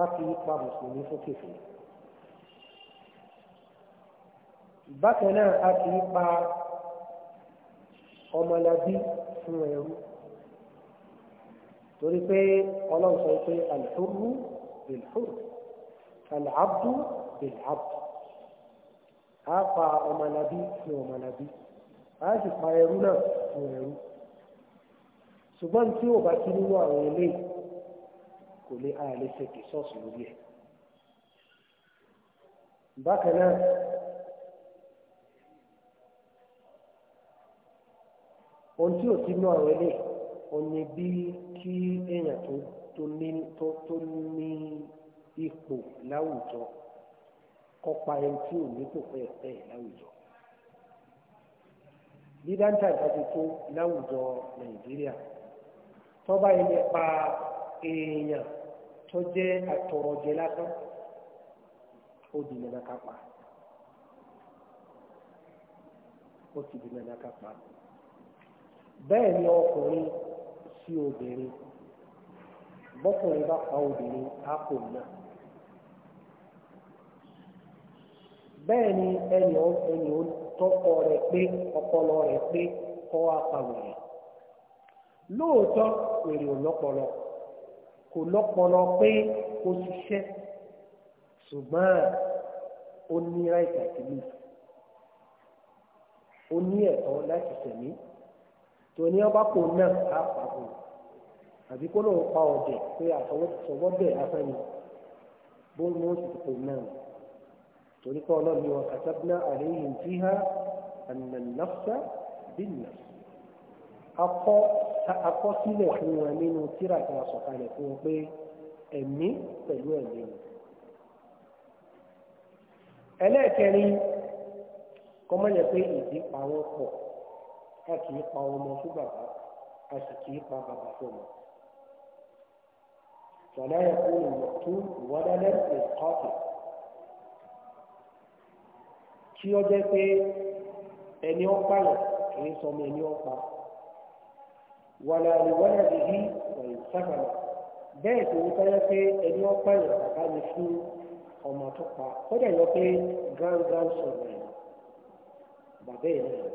á fi pa mùsùlùmí fún kẹfìrì bákan náà a kì pa ọmọlábí fún ẹrú torí pé ọlọ́run sọ pé alhurru bilhurru al'abdu bil abdu a pa ọmọlàbí ní ọmọlàbí a sì pa ẹrú náà fún ẹrú ṣùgbọ́n tí ò bá ti nínú àwọn ilé kò lè a lè ṣe kìsọ́ọ̀sì lórí ẹ̀ bákan náà ohun tí ò ti nú àwọn ilé òní bí kí èèyàn tó ní ipò láwùjọ kọpa ẹni tí ò ní kò pẹ́ẹ́pẹ́ láwùjọ. bí dáńtà láwùjọ nàìjíríà tọ́ba ẹni pa èèyàn tó jẹ́ àtọ̀rọ̀jẹ lásán ó di nàìjíríà ó ti di Bẹ́ẹ̀ ni ọkùnrin sí obìnrin, bọ́kùnrin bá bẹ́ẹ̀ ni ẹnì ẹnì tọkọ rẹ̀ pé ọpọlọ rẹ̀ pé kọ́ apàwèrè lóòótọ́ wèrè ò lọ́pọlọ kò lọ́pọlọ pé kò ṣiṣẹ́ ṣùgbọ́n ó ní ráìtì àti lè ó ní ẹ̀tọ́ láti tẹ̀mí tòní ọba kò náà á pàbò àbí kó lóun pa ọ̀dẹ̀ pé àfọwọ́sowọ́dẹ̀ afẹ́ni bó ló ń sì kò náà. ولقوله وكتبنا عليهم فيها أن النفس بالنفس أقوى أقوى سيلة من وطيرة كما سبحانه يكون بي أمي تلو أمين ألا كان كما يبي إذي قاوة قوة أكي قاوة مصوبة أسكي قاوة بحومة فلا يكون المقتول ولا لم يتقاطع tí ó jẹ́ pé ẹni ọ̀pààyàn kìí sọmọ ẹni ọ̀pá wàlà ìwọ́nà bìbí wọ̀nyí sábàlà bẹ́ẹ̀ tó ń tọ́jú pé ẹni ọ̀pààyàn bàbá mi fún ọmọ tó pa ó dẹ̀ yọ pé grand grand sọ̀rọ̀ ẹ̀ bàbá ẹ̀ náà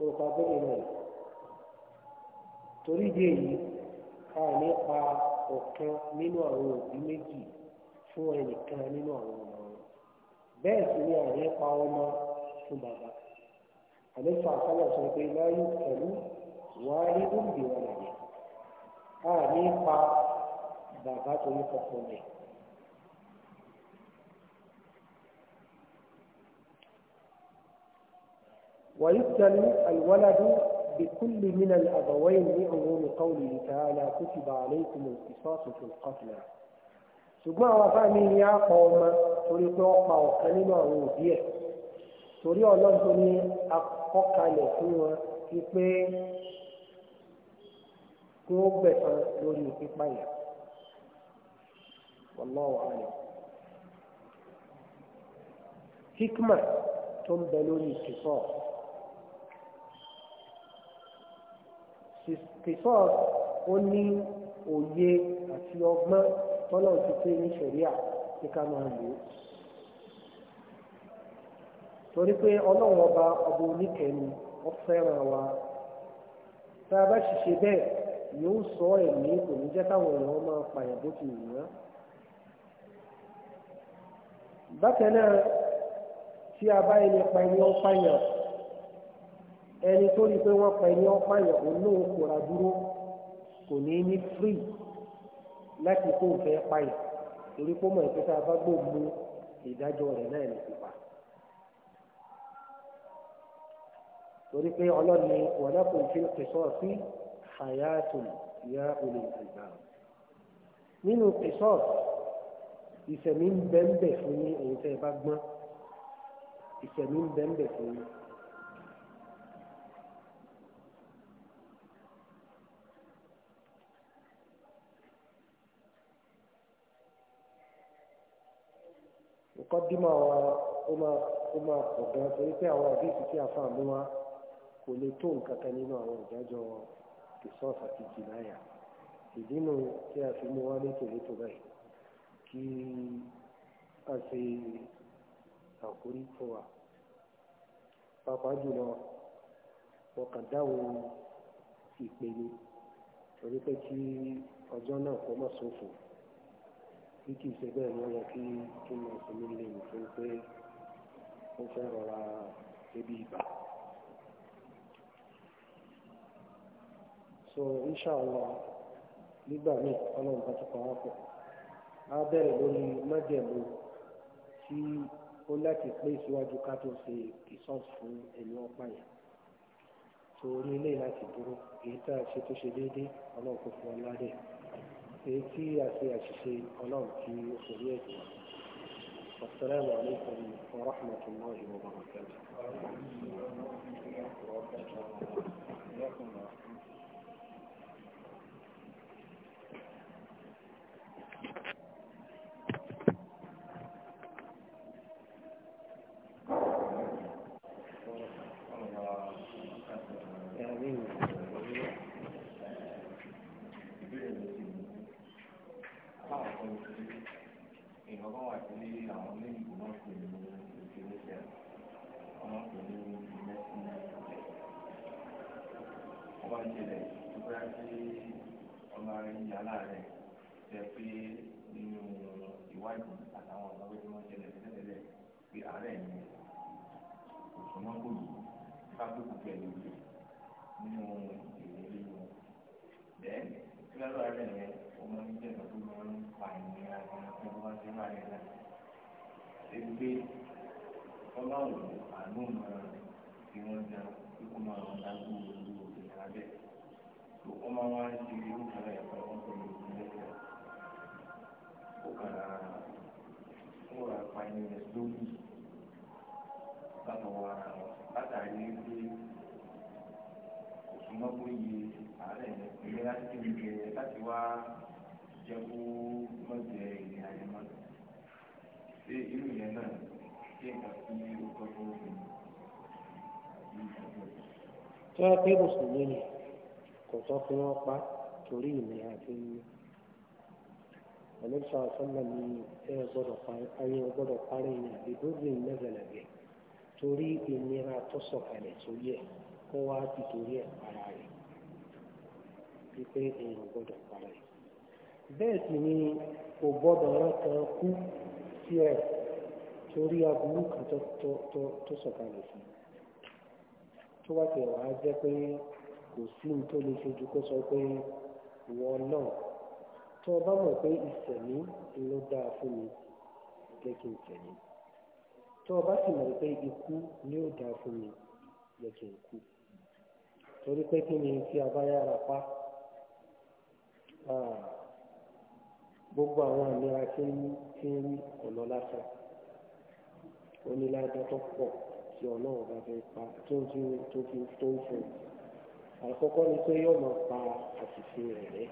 orúkọ abẹ́rẹ́ náà torí di èyí a nípa ọ̀kan nínú àwọn òbí méjì fún ẹnìkan nínú àwọn ọmọ bẹ́ẹ̀ sì ni àrẹ pa ọmọ fún bàbá àlẹ́fà sálà sọ pé láyé pẹ̀lú wàhálì òǹdè wà lẹ́yìn a ní pa bàbá tó ní kọ̀ọ̀kan lẹ̀. ويبتل الولد بكل من الأبوين لعموم قوله تعالى كتب عليكم القصاص في القتلى ṣùgbọ́n àwọn afá mi ni a pa ọmọ torí pé wọ́n pa ọ̀kan nínú àwọn òbí ẹ̀ torí ọlọ́run tó ní akọ́kalẹ̀ fún wọn ti pé kí ó gbẹ̀san lórí pípáyà wàláwà àlẹ́ hikma tó ń bẹ lórí kìsọ́ kìsọ́ ó ní òye àti ọgbọ́n. tọ́lọ̀ ti pé ní ṣẹ̀ríà tí ká máa torí pé ọlọ́run ọba ọba oníkẹ́ni ó fẹ́ràn wa tá a bá ṣiṣẹ́ bẹ́ẹ̀ yóò sọ ẹ̀mí kò ní jẹ́ káwọn èèyàn máa pààyàn bó ti wù wọ́n. bákan náà tí a bá ẹni pa pé wọ́n pa ẹni pààyàn òun náà dúró kò ní láti kó nfẹ́ páyì torí kó mọ̀ ìpínlẹ̀ abágbó mu ìdájọ́ rẹ̀ náà ní pípa. torí pé ọlọ́ni walakum fil qisasi hayatun ya ulil albab. nínú qisas ìsẹ̀mí ń bẹ́ńbẹ̀ fún yín èyí tẹ́ ẹ bá gbọ́n ìsẹ̀mí ń bẹ́ńbẹ̀ fún yín. mùkọ́dímà wa ó máa ó máa pọ̀ gan torí pé àwọn àdéhùn tí a fà wa kò lè tó nǹkan kan nínú àwọn ìdájọ́ ìsọ́ọ̀sì àti jìnnáyà ìdínú tí a fi mú wa létòlétò báyìí kí a ṣe àkórí fún wa pàápàá jùlọ wọn kàn dáwọ́ torí pé kí ọjọ́ náà kó má ṣòfò. bí kì í ṣe bẹ́ẹ̀ ló yẹ kí kí n máa sinmi lè mí pé ó rọra ebi ibà. so inshallah nígbà míì ọlọ́run bá ti pàwọ́ pọ̀ á bẹ̀rẹ̀ lórí májẹ̀mú tí ó láti pé síwájú ká tó ṣe ìsọ́ọ̀sì fún yẹn èyí tí a ṣe àṣìṣe ọlọ́run tí ó forí ẹ̀kọ́ wa assalamu alaikum wa rahmatullahi wa barakatuh ìjọba wà sí àwọn olóyìnbó wọn pè ní ìṣẹ̀lẹ̀ ṣẹ pè ní ìmẹsìn ọba ìṣẹ̀lẹ̀ tó bá sí ọmọ arìnrìn aláàárẹ̀ jẹ pé nínú ìwádìí àtàwọn ọmọ ọgbẹ tí wọn ṣẹlẹ̀ tẹ́lẹ̀ pé àárẹ̀ ni òṣùwọn gbòòrò pẹ̀lú nínú ìwé nínú bẹ́ẹ̀ tí wọn lọ àárẹ̀ yẹn òun ní jẹ́ ìtọ́jú máa ń pa ìnira ìnira tó bá ti rà yẹn náà. Ebi pé àánú máa fi wọ́n jẹ kíkó máa wọn dágbó olú ìnira bẹ́ẹ̀. Tó wọ́n máa wá ṣe irú kan ẹ̀fọ́ wọn tó lè fi lẹ́sẹ̀. Ó kàn ó rà pa ìnira lórí látọwọ́ ara látàrí pé òṣùmọ́ bóyá àárẹ̀ ìnira ti ń jẹ láti wá jẹ́ kó mọ̀jẹ ìrìn àyè mọ́. ṣé irú yẹn náà ṣé nǹkan tí ó tọ́ fún mi? tí wọ́n pé mùsùlùmí ni kò tọ́ fún wọn pa torí ìmọ̀ àti ọlọ́sà ọ̀sánmà ni ẹ gbọ́dọ̀ parí ayé ẹ gbọ́dọ̀ parí ní àbíbóbi mẹ́gàlàgẹ̀ torí ìnira tó sọ̀kalẹ̀ sórí ẹ̀ kó wá ti torí ẹ̀ para rẹ̀ wípé èèyàn gbọ́dọ̀ para rẹ̀. bẹ́ẹ̀ sì ni kò gbọ́dọ̀ kú sí ẹ̀ torí aburú kan tó sọ̀kalẹ̀ sí tó wá tẹ̀ wá jẹ́ pé kò sí ní tó lè ṣojú kó sọ pé náà tó o bá mọ̀ pé ìsẹ̀mí ló dáa fún mi jẹ́ kí n tẹ̀lé tó o bá sì mọ̀ pé ikú ni ó dáa fún mi jẹ́ kí n kú torí a bá pa. Ah. gbogbo àwọn ìlera tí ń tí ń ọ̀nà lásán onílàdá tó pọ̀ tí ọ̀nà ọ̀gá fẹ́ pa tó ń fi tó fi tó ń fún un àkọ́kọ́ ni pé yóò máa pa àṣìṣe rẹ̀ rẹ́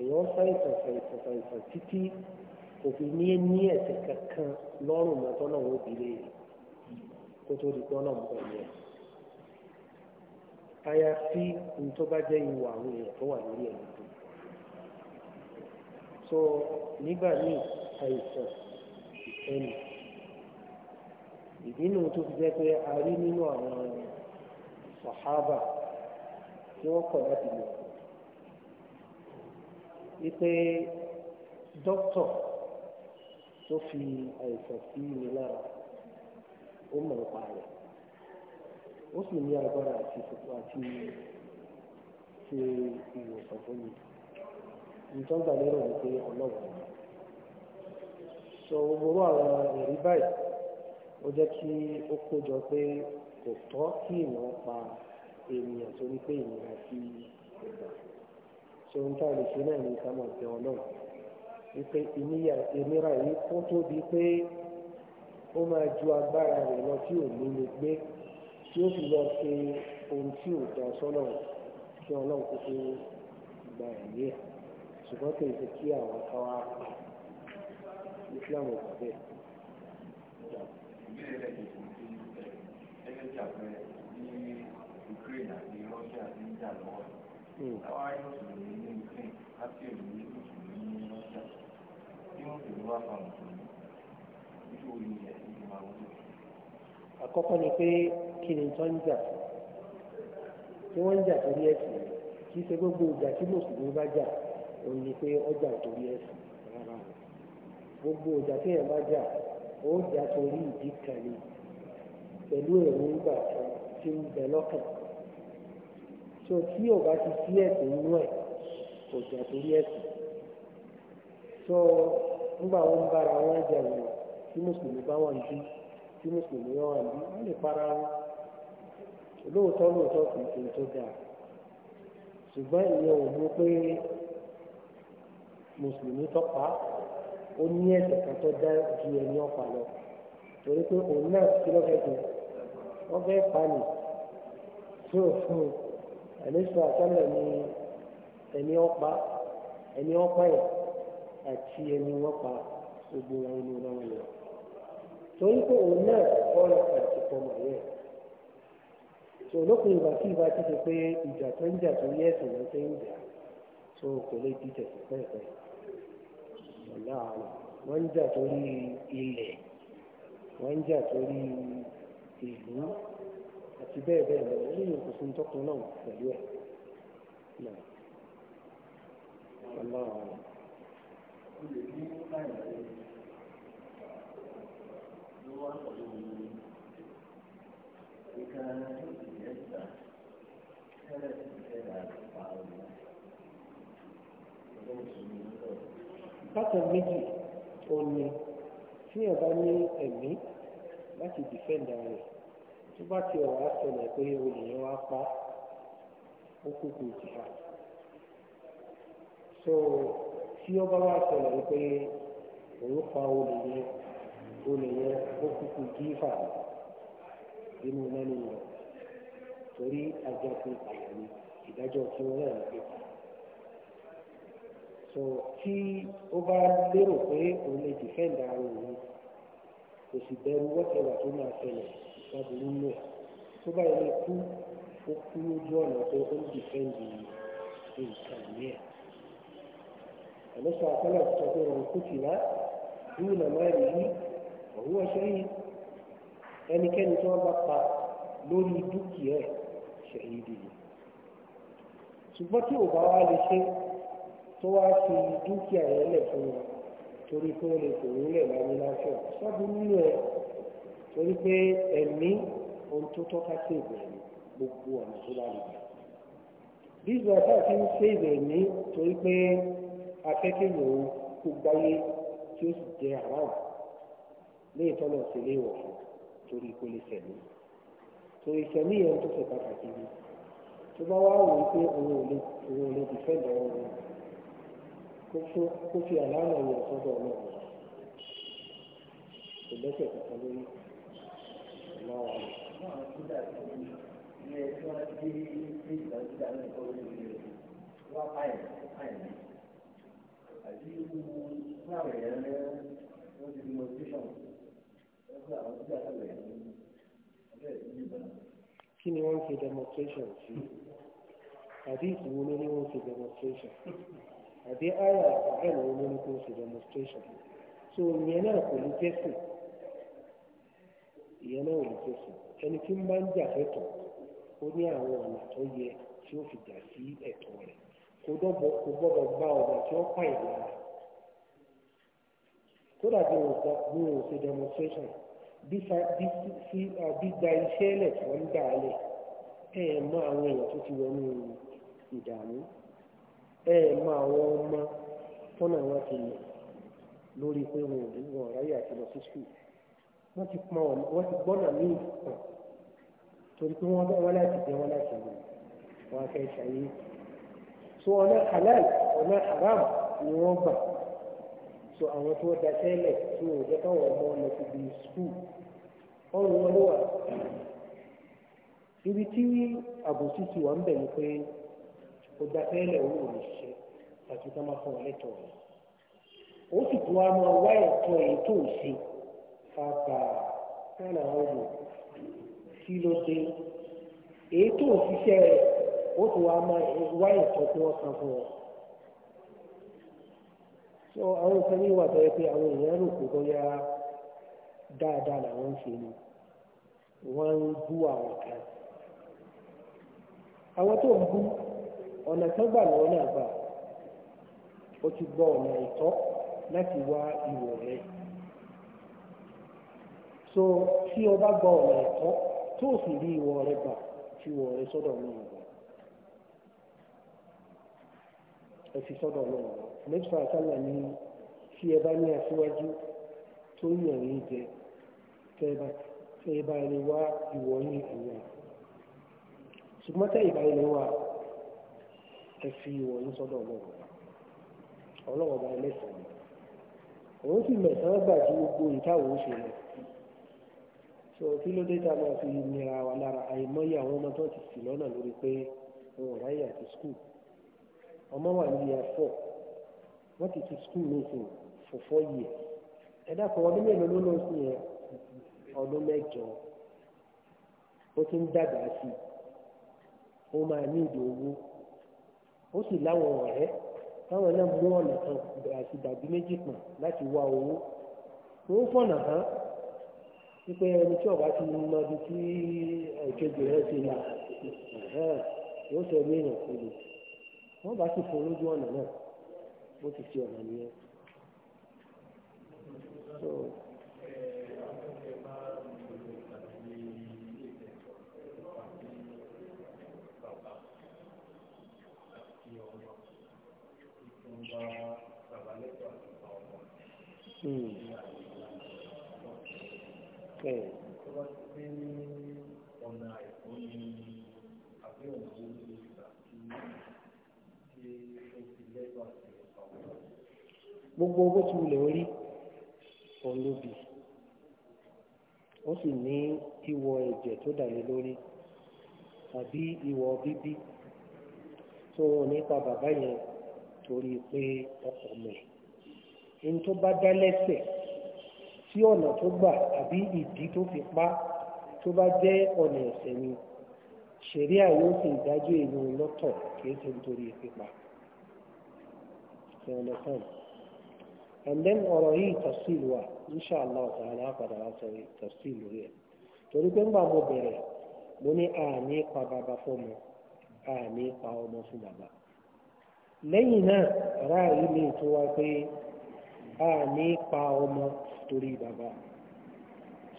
èèyàn ṣàìsàn ṣàìsàn ṣàìsàn títí kò fi ní ní ẹ̀sẹ̀ kankan lọ́rùn mọ́tọ́ náà ó bi léèrè e kó tó di tọ́nà mọ́ yẹn àyàfi ní tó bá jẹ́ ìwà àwọn èèyàn tó wà lórí ẹ̀ nìkan so nígbà míì àìsàn ìfẹ́ni ìdínú tó fi jẹ́ pé a rí nínú àwọn sàhábà tí wọ́n kọ̀ láti lò wípé dókítà tó fi àìsàn sí mi lára ó mọ̀ nípa rẹ̀ ó sì ní agbára àti ṣe ìwòsàn fún mi nǹkan gbà lérò ni pé ọlọ́wọ́ ni so gbogbo àwọn ẹ̀rí báyìí ó jẹ́ kí ó kójọ pé kò tọ́ kí èèyàn pa ènìyàn tó ní pé ìnira sí ìgbà so ohun tá a lè ṣe náà ní ká máa bẹ ọlọ́run wípé ìnira yìí kó tóbi pé ó máa ju agbára rẹ̀ lọ tí ò ní lè gbé tí ó fi lọ ṣe ohun tí ò dá sọ́nà kí ọlọ́run kó gba ẹ̀mí ẹ̀ ṣùgbọ́n kì í ṣe kí àwọn kan wá Islam ò bẹ́ẹ̀. Hmm. Àkọ́kọ́ ni pé kí ni tó ń jà tí wọ́n ń jà torí ẹ̀sìn kì í ṣe gbogbo ìjà tí mùsùlùmí bá jà òun ni pé ọjà torí rárá gbogbo ọjà téèyàn bá jà ó jà torí ìdí kan ni pẹ̀lú èròǹgbà kan tí ń bẹ lọ́kàn tó tí ti sí ẹ̀sìn inú ẹ̀ kò jà torí ẹ̀sìn tó nígbà wọn bára wọn jà wò tí mùsùlùmí bá wà tí mùsùlùmí wà para wọn lóòótọ́ lóòótọ́ mùsùlùmí tọ́pa ó ní ẹ̀sẹ̀ kan tó dá ju ẹni ọ̀pá lọ torí pé òun náà kí ló fẹ́ fi wọ́n fẹ́ pa nì tí ò fún un ẹni sọ àtọ́lẹ̀ ni ẹni ọ̀pá ẹni ọ̀pá yẹn àti ẹni wọ́n pa gbogbo wọn inú wọn lọ torí pé òun náà ọ̀rọ̀ àti pọ̀mọ̀ yẹn so lópin ìgbà tí ìbá ti ṣe pé ìjà tó ń jà tó yẹ ẹ̀sìn ló ń jà so kò lè di pẹ́ẹ́pẹ́ẹ́ ọ̀làwọ̀ wọ́n ń jà torí ilẹ̀ wọ́n ń jà torí ìlú àti bẹ́ẹ̀ bẹ́ẹ̀ lọ nínú ìkùsù tọkùn náà pẹ̀lú ẹ̀ náà Thank you bákan méjì òní tí ẹ bá ní ẹ̀mí láti dìfẹ́ǹdà rẹ̀ tó bá ti ọ̀rọ̀ àṣẹlẹ̀ pé olùyẹn wá pa ó kúkú jìhà so tí ó bá wá ṣẹlẹ̀ pé òun pa olùyẹn olùyẹn ó kúkú jìhà nínú mẹ́rin rẹ̀ torí ajagun àyàní ìdájọ́ tí wọ́n rẹ̀ ń pè fún so tí ó bá lérò pé òun lè dìfẹ́ǹdà ara òun kò sì bẹ̀rù wọ́tẹ̀wà tó máa ṣẹlẹ̀ ìpàdé nínú ẹ̀ tó bá yẹ kú ó kú lójú ọ̀nà pé ó ń dìfẹ́ǹdì nǹkan ní ẹ̀. àlọ́sọ̀ àkọ́lá ti sọ pé òun kú tìlá dúró nà má rí i òun wọ́n ṣe yìí ẹnikẹ́ni tí wọ́n bá pa lórí dúkìá ẹ̀ ṣe é ṣùgbọ́n tí ò bá wá lè ṣe tó wá fi dúkìá yẹn lẹ̀ fún wọn torí pé ó lè kò ní lẹ̀ láyé láṣọ sábà nínú ẹ̀ torí pé ẹ̀mí ohun tó tọ́ka sí ìbẹ̀rẹ̀ gbogbo ọ̀nà tó bá lè gbà. bí ìgbàgbọ́ àti ń ṣe ìbẹ̀rẹ̀ torí pé afẹ́kẹ́ yòówù kó gbáyé tí ó sì jẹ àrùn ní ìtọ́nà sílé ìwọ̀fọ̀ torí kó lè sẹ̀mí. torí sẹ̀mí yẹn tó ṣe pàtàkì ni tó bá wá wò pé òun ò lè dìfẹ́ǹdà ọ̀run rẹ̀ kó fi àlànà yẹn sọ́dọ̀ náà kò lẹ́sẹ̀ kankan lórí ọlọ́wà rẹ̀. Kí ni wọ́n ń ṣe demonstration sí? Àdéhùn wo ló ní wọ́n ń ṣe demonstration? àbí àyà àfàhàn wo ló ní kó ṣe demonstration so ìyẹn náà kò ní tẹ̀sìn ìyẹn náà ò ní tẹ̀sìn ẹni tí ń bá ń jà fẹ́tọ̀ ó ní àwọn ọ̀nà tó yẹ tí ó fi jà sí ẹ̀tọ́ rẹ̀ kò gbọ́dọ̀ gba ọ̀nà tí ó pààyàn lára kódà bí wọn sọ bí wọn ṣe demonstration bí gba iṣẹ́ lẹ̀ tí wọ́n ń dà á lẹ̀ ẹ̀ mọ àwọn èèyàn tó ti wọnú ìdààmú E ma àwọn ọmọ wọn ti lórí pé wọn ò ní wọn ráyè àti lọ sí skul wọn ti pọn ọmọ wọn ti gbọ́nà torí so ọ̀nà halal ọ̀nà haram ni wọ́n gbà so àwọn tó da sẹ́lẹ̀ tí wọn ò jẹ́ káwọn ọmọ lọ sí ibi skul ọ̀rùn wọn ló wà ibi ti wà ń bẹ̀ kò gba tẹ́lẹ̀ owó rẹ̀ ṣiṣẹ́ àti ká máa fún wọn lẹ́tọ̀ọ́ rẹ̀. ó sì tún wá máa wá ẹ̀tọ́ èyí tó ń ṣe fàgbà náà àwọn ọmọ kí ló dé èyí tó ń ṣiṣẹ́ rẹ̀ ó tún wá máa wá ẹ̀tọ́ tí wọ́n san fún wọn. sọ àwọn nǹkan ní ìwà tó yẹ pé àwọn èèyàn rò pé bóyá dáadáa làwọn ń ṣe ni wọ́n ń bú àwọn kan àwọn tó ń bú ọ̀nà tó gbà lọ́wọ́ náà gbà ó ti gbọ́ ọ̀nà ìtọ́ láti wá ìwọ̀ rẹ̀ so tí o bá gbọ́ ọ̀nà ìtọ́ tó sì rí ìwọ̀ rẹ̀ gbà fi ìwọ̀ rẹ̀ sọ́dọ̀ náà gbà ẹ fi sọ́dọ̀ náà gbà nípa àtàlà ni tí ẹ bá ní aṣíwájú tó yàn yín jẹ tẹ́ ẹ bá rí wá ìwọ̀ yín ìwọ̀ ṣùgbọ́n tẹ́ ìbá ilẹ̀ wa ẹ fi wọ̀nyí sọ́dọ̀ ọlọ́wọ́ ọlọ́wọ́ bá ẹlẹ́sàn-án òun sì mẹ̀sán gbà ju gbogbo ìtawọ̀ ṣe lọ sọ kí ló dé tá a máa fi nira wa lára àìmọye àwọn ọmọ tó ti sì lọ́nà lórí pé wọn ò ráyè àti skul ọmọ wà ní ìyá fọ wọn ti ti skul nìkan for four years ẹ dákun ọdún mélòó ló lọ sí yẹn ọdún mẹ́jọ ó ti ń dàgbà sí i ó máa ní ìdí owó ó sì láwọn ọ̀rẹ́ táwọn náà mú ọ̀nà kan àti dàbí méjì pọ̀ láti wá owó wọ́n fọ̀nà hàn wípé ẹni tí ọba ti lọ bí tí ìkejì rẹ̀ ti là yóò sọ ní èèyàn kúlò wọ́n bá sì fún lójú ọ̀nà náà ti fi ọ̀nà nìyẹn. gbogbo owó tí wulẹ̀ orí olóbi ó sì ní ìwọ ẹ̀jẹ̀ tó dàlé lórí tàbí ìwọ bíbí tó nípa bàbá yẹn torí pé ọkọ̀ mẹ́ ẹn tó bá dá lẹ́sẹ̀ tí ọ̀nà tó gbà àbí ìdí tó fi pa tó bá jẹ́ ọ̀nà ẹ̀ṣẹ̀ ni ṣẹ̀ríà yóò ṣe ìdájọ́ ìlú lọ́tọ̀ kìí ṣe nítorí pípa ṣe ọ̀nà kan and then ọ̀rọ̀ yìí tafsil wa inṣàlá ọ̀tà aláàpàdà wa sọ tafsil lórí ẹ̀ torí pé ńgbà mo bẹ̀rẹ̀ mo ní àmì pa bàbá fọmọ àmì pa ọmọ fún bàbá lẹ́yìn náà ráàyè mi tó wá pé a ní pa ọmọ torí bàbá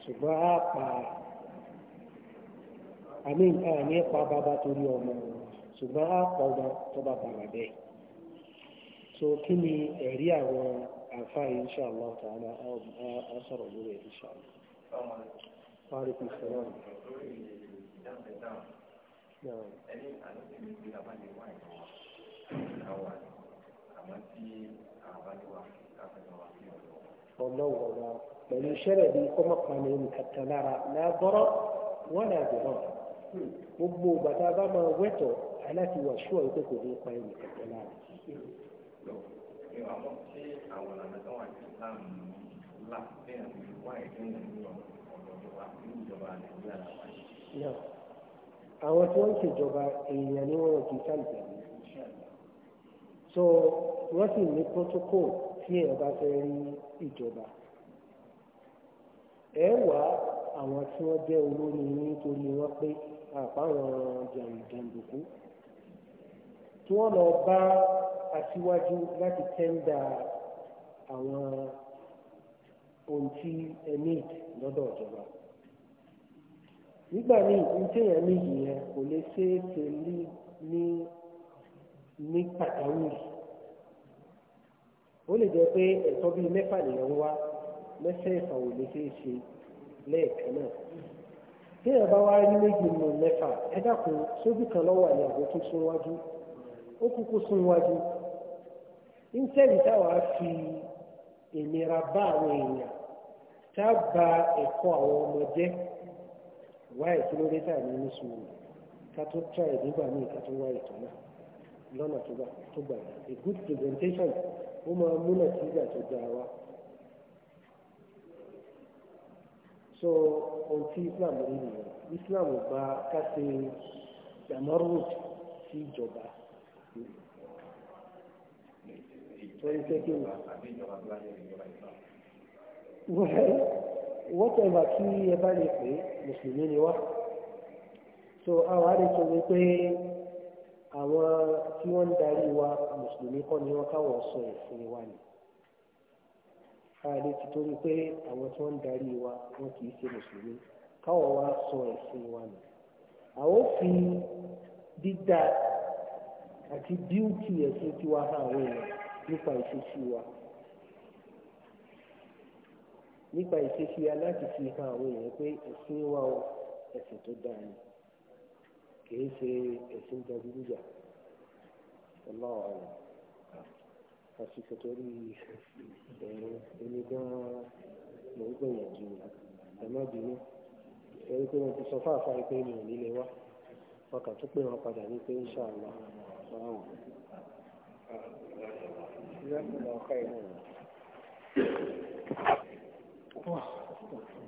ṣùgbọ́n a pa àmì a ní pa bàbá torí ọmọ ṣùgbọ́n a pa ọmọ tó bá bàbá bẹ́ẹ̀ so kí ni ẹ̀rí àwọn àǹfààní insha Allah ta'ala a sọ̀rọ̀ lórí ẹ̀ insha Fáàrí kìí kan wà àmọ́ tí àwọn bá ti wà láfẹ̀ẹ́ wà sí ọ̀dọ̀ wọn. ọlọ́wọ́ ọba pẹ̀lú sẹ́rẹ̀ bíi kọ́mọ́pàmì nǹkan lára lágbọ́rọ́ wọ́n náà dùnà gbogbo bàtà bá máa wẹ́tọ̀ aláti wà ṣúọ̀ yìí kò ní pa ẹnì kankan lára. àwọn tí wọ́n ń ṣèjọba èèyàn ni wọ́n ti sálùbẹ̀rẹ̀ so wọ́n sì ní protocol tí èèyàn bá fẹ́ rí ìjọba ẹ wá àwọn tí wọ́n jẹ́ olórí nítorí wọ́n pé àpáwọn jàǹdùkú tí wọ́n lọ bá aṣíwájú láti tẹ́ńdà àwọn ohun tí ẹ ní lọ́dọ̀ ìjọba nígbà míì ní téèyàn ní ìyẹn kò lè ṣeé ṣe ní ní pàjáwìrì ó lè jẹ pé ẹ̀tọ́ bíi mẹ́fà nìyẹn ń wá mẹ́fẹ̀ẹ̀fà ò lè ṣeé ṣe lẹ́ẹ̀kan náà tí ẹ bá wá rí méjì ẹ sójú kan wájú ó kúkú wájú táwa fi ìnira bá àwọn èèyàn tá a ba ẹ̀kọ́ àwọn ọmọ jẹ́ wá ìtúlódé tàbí ní sùúrù ká tó tọ́ ẹ̀ nígbà lọ́nà tó gbà a good presentation ó máa múnà sígbà tó dáa wá. so ohun tí islam rí nìyẹn islam gba káṣe damarud sí ìjọba torí pé kí wọ́n tẹ̀ bá kí ẹ bá lè pé mùsùlùmí ni wá so àwọn àdìsọ wípé àwọn tí wọ́n ń darí wa mùsùlùmí kọ́ ni wọ́n káwọn sọ ẹ̀sìn wa ni káàdé ti torí pé àwọn tí wọ́n ń darí wa wọn kì í ṣe mùsùlùmí káwọn wá sọ ẹ̀sìn wa ni àwọn fi dídá àti bíútì ẹ̀sìn tiwa hàn àwọn èèyàn nípa ìṣesí wa nípa ìṣesí wa láti fi hàn àwọn èèyàn pé ẹ̀sìn wa ẹ̀sìn tó dáa ni kìí ṣe ẹ̀sìn jàdúrújà ọlọ́wọ́ rẹ̀ àsìkò torí ẹni gan-an mò ń gbìyànjú ẹ má bínú torí pé wọn ti sọ fáfá pé mi ò nílé wá wọn kà tún wọn padà ní pé insha Allah wọn á wò. Thank you.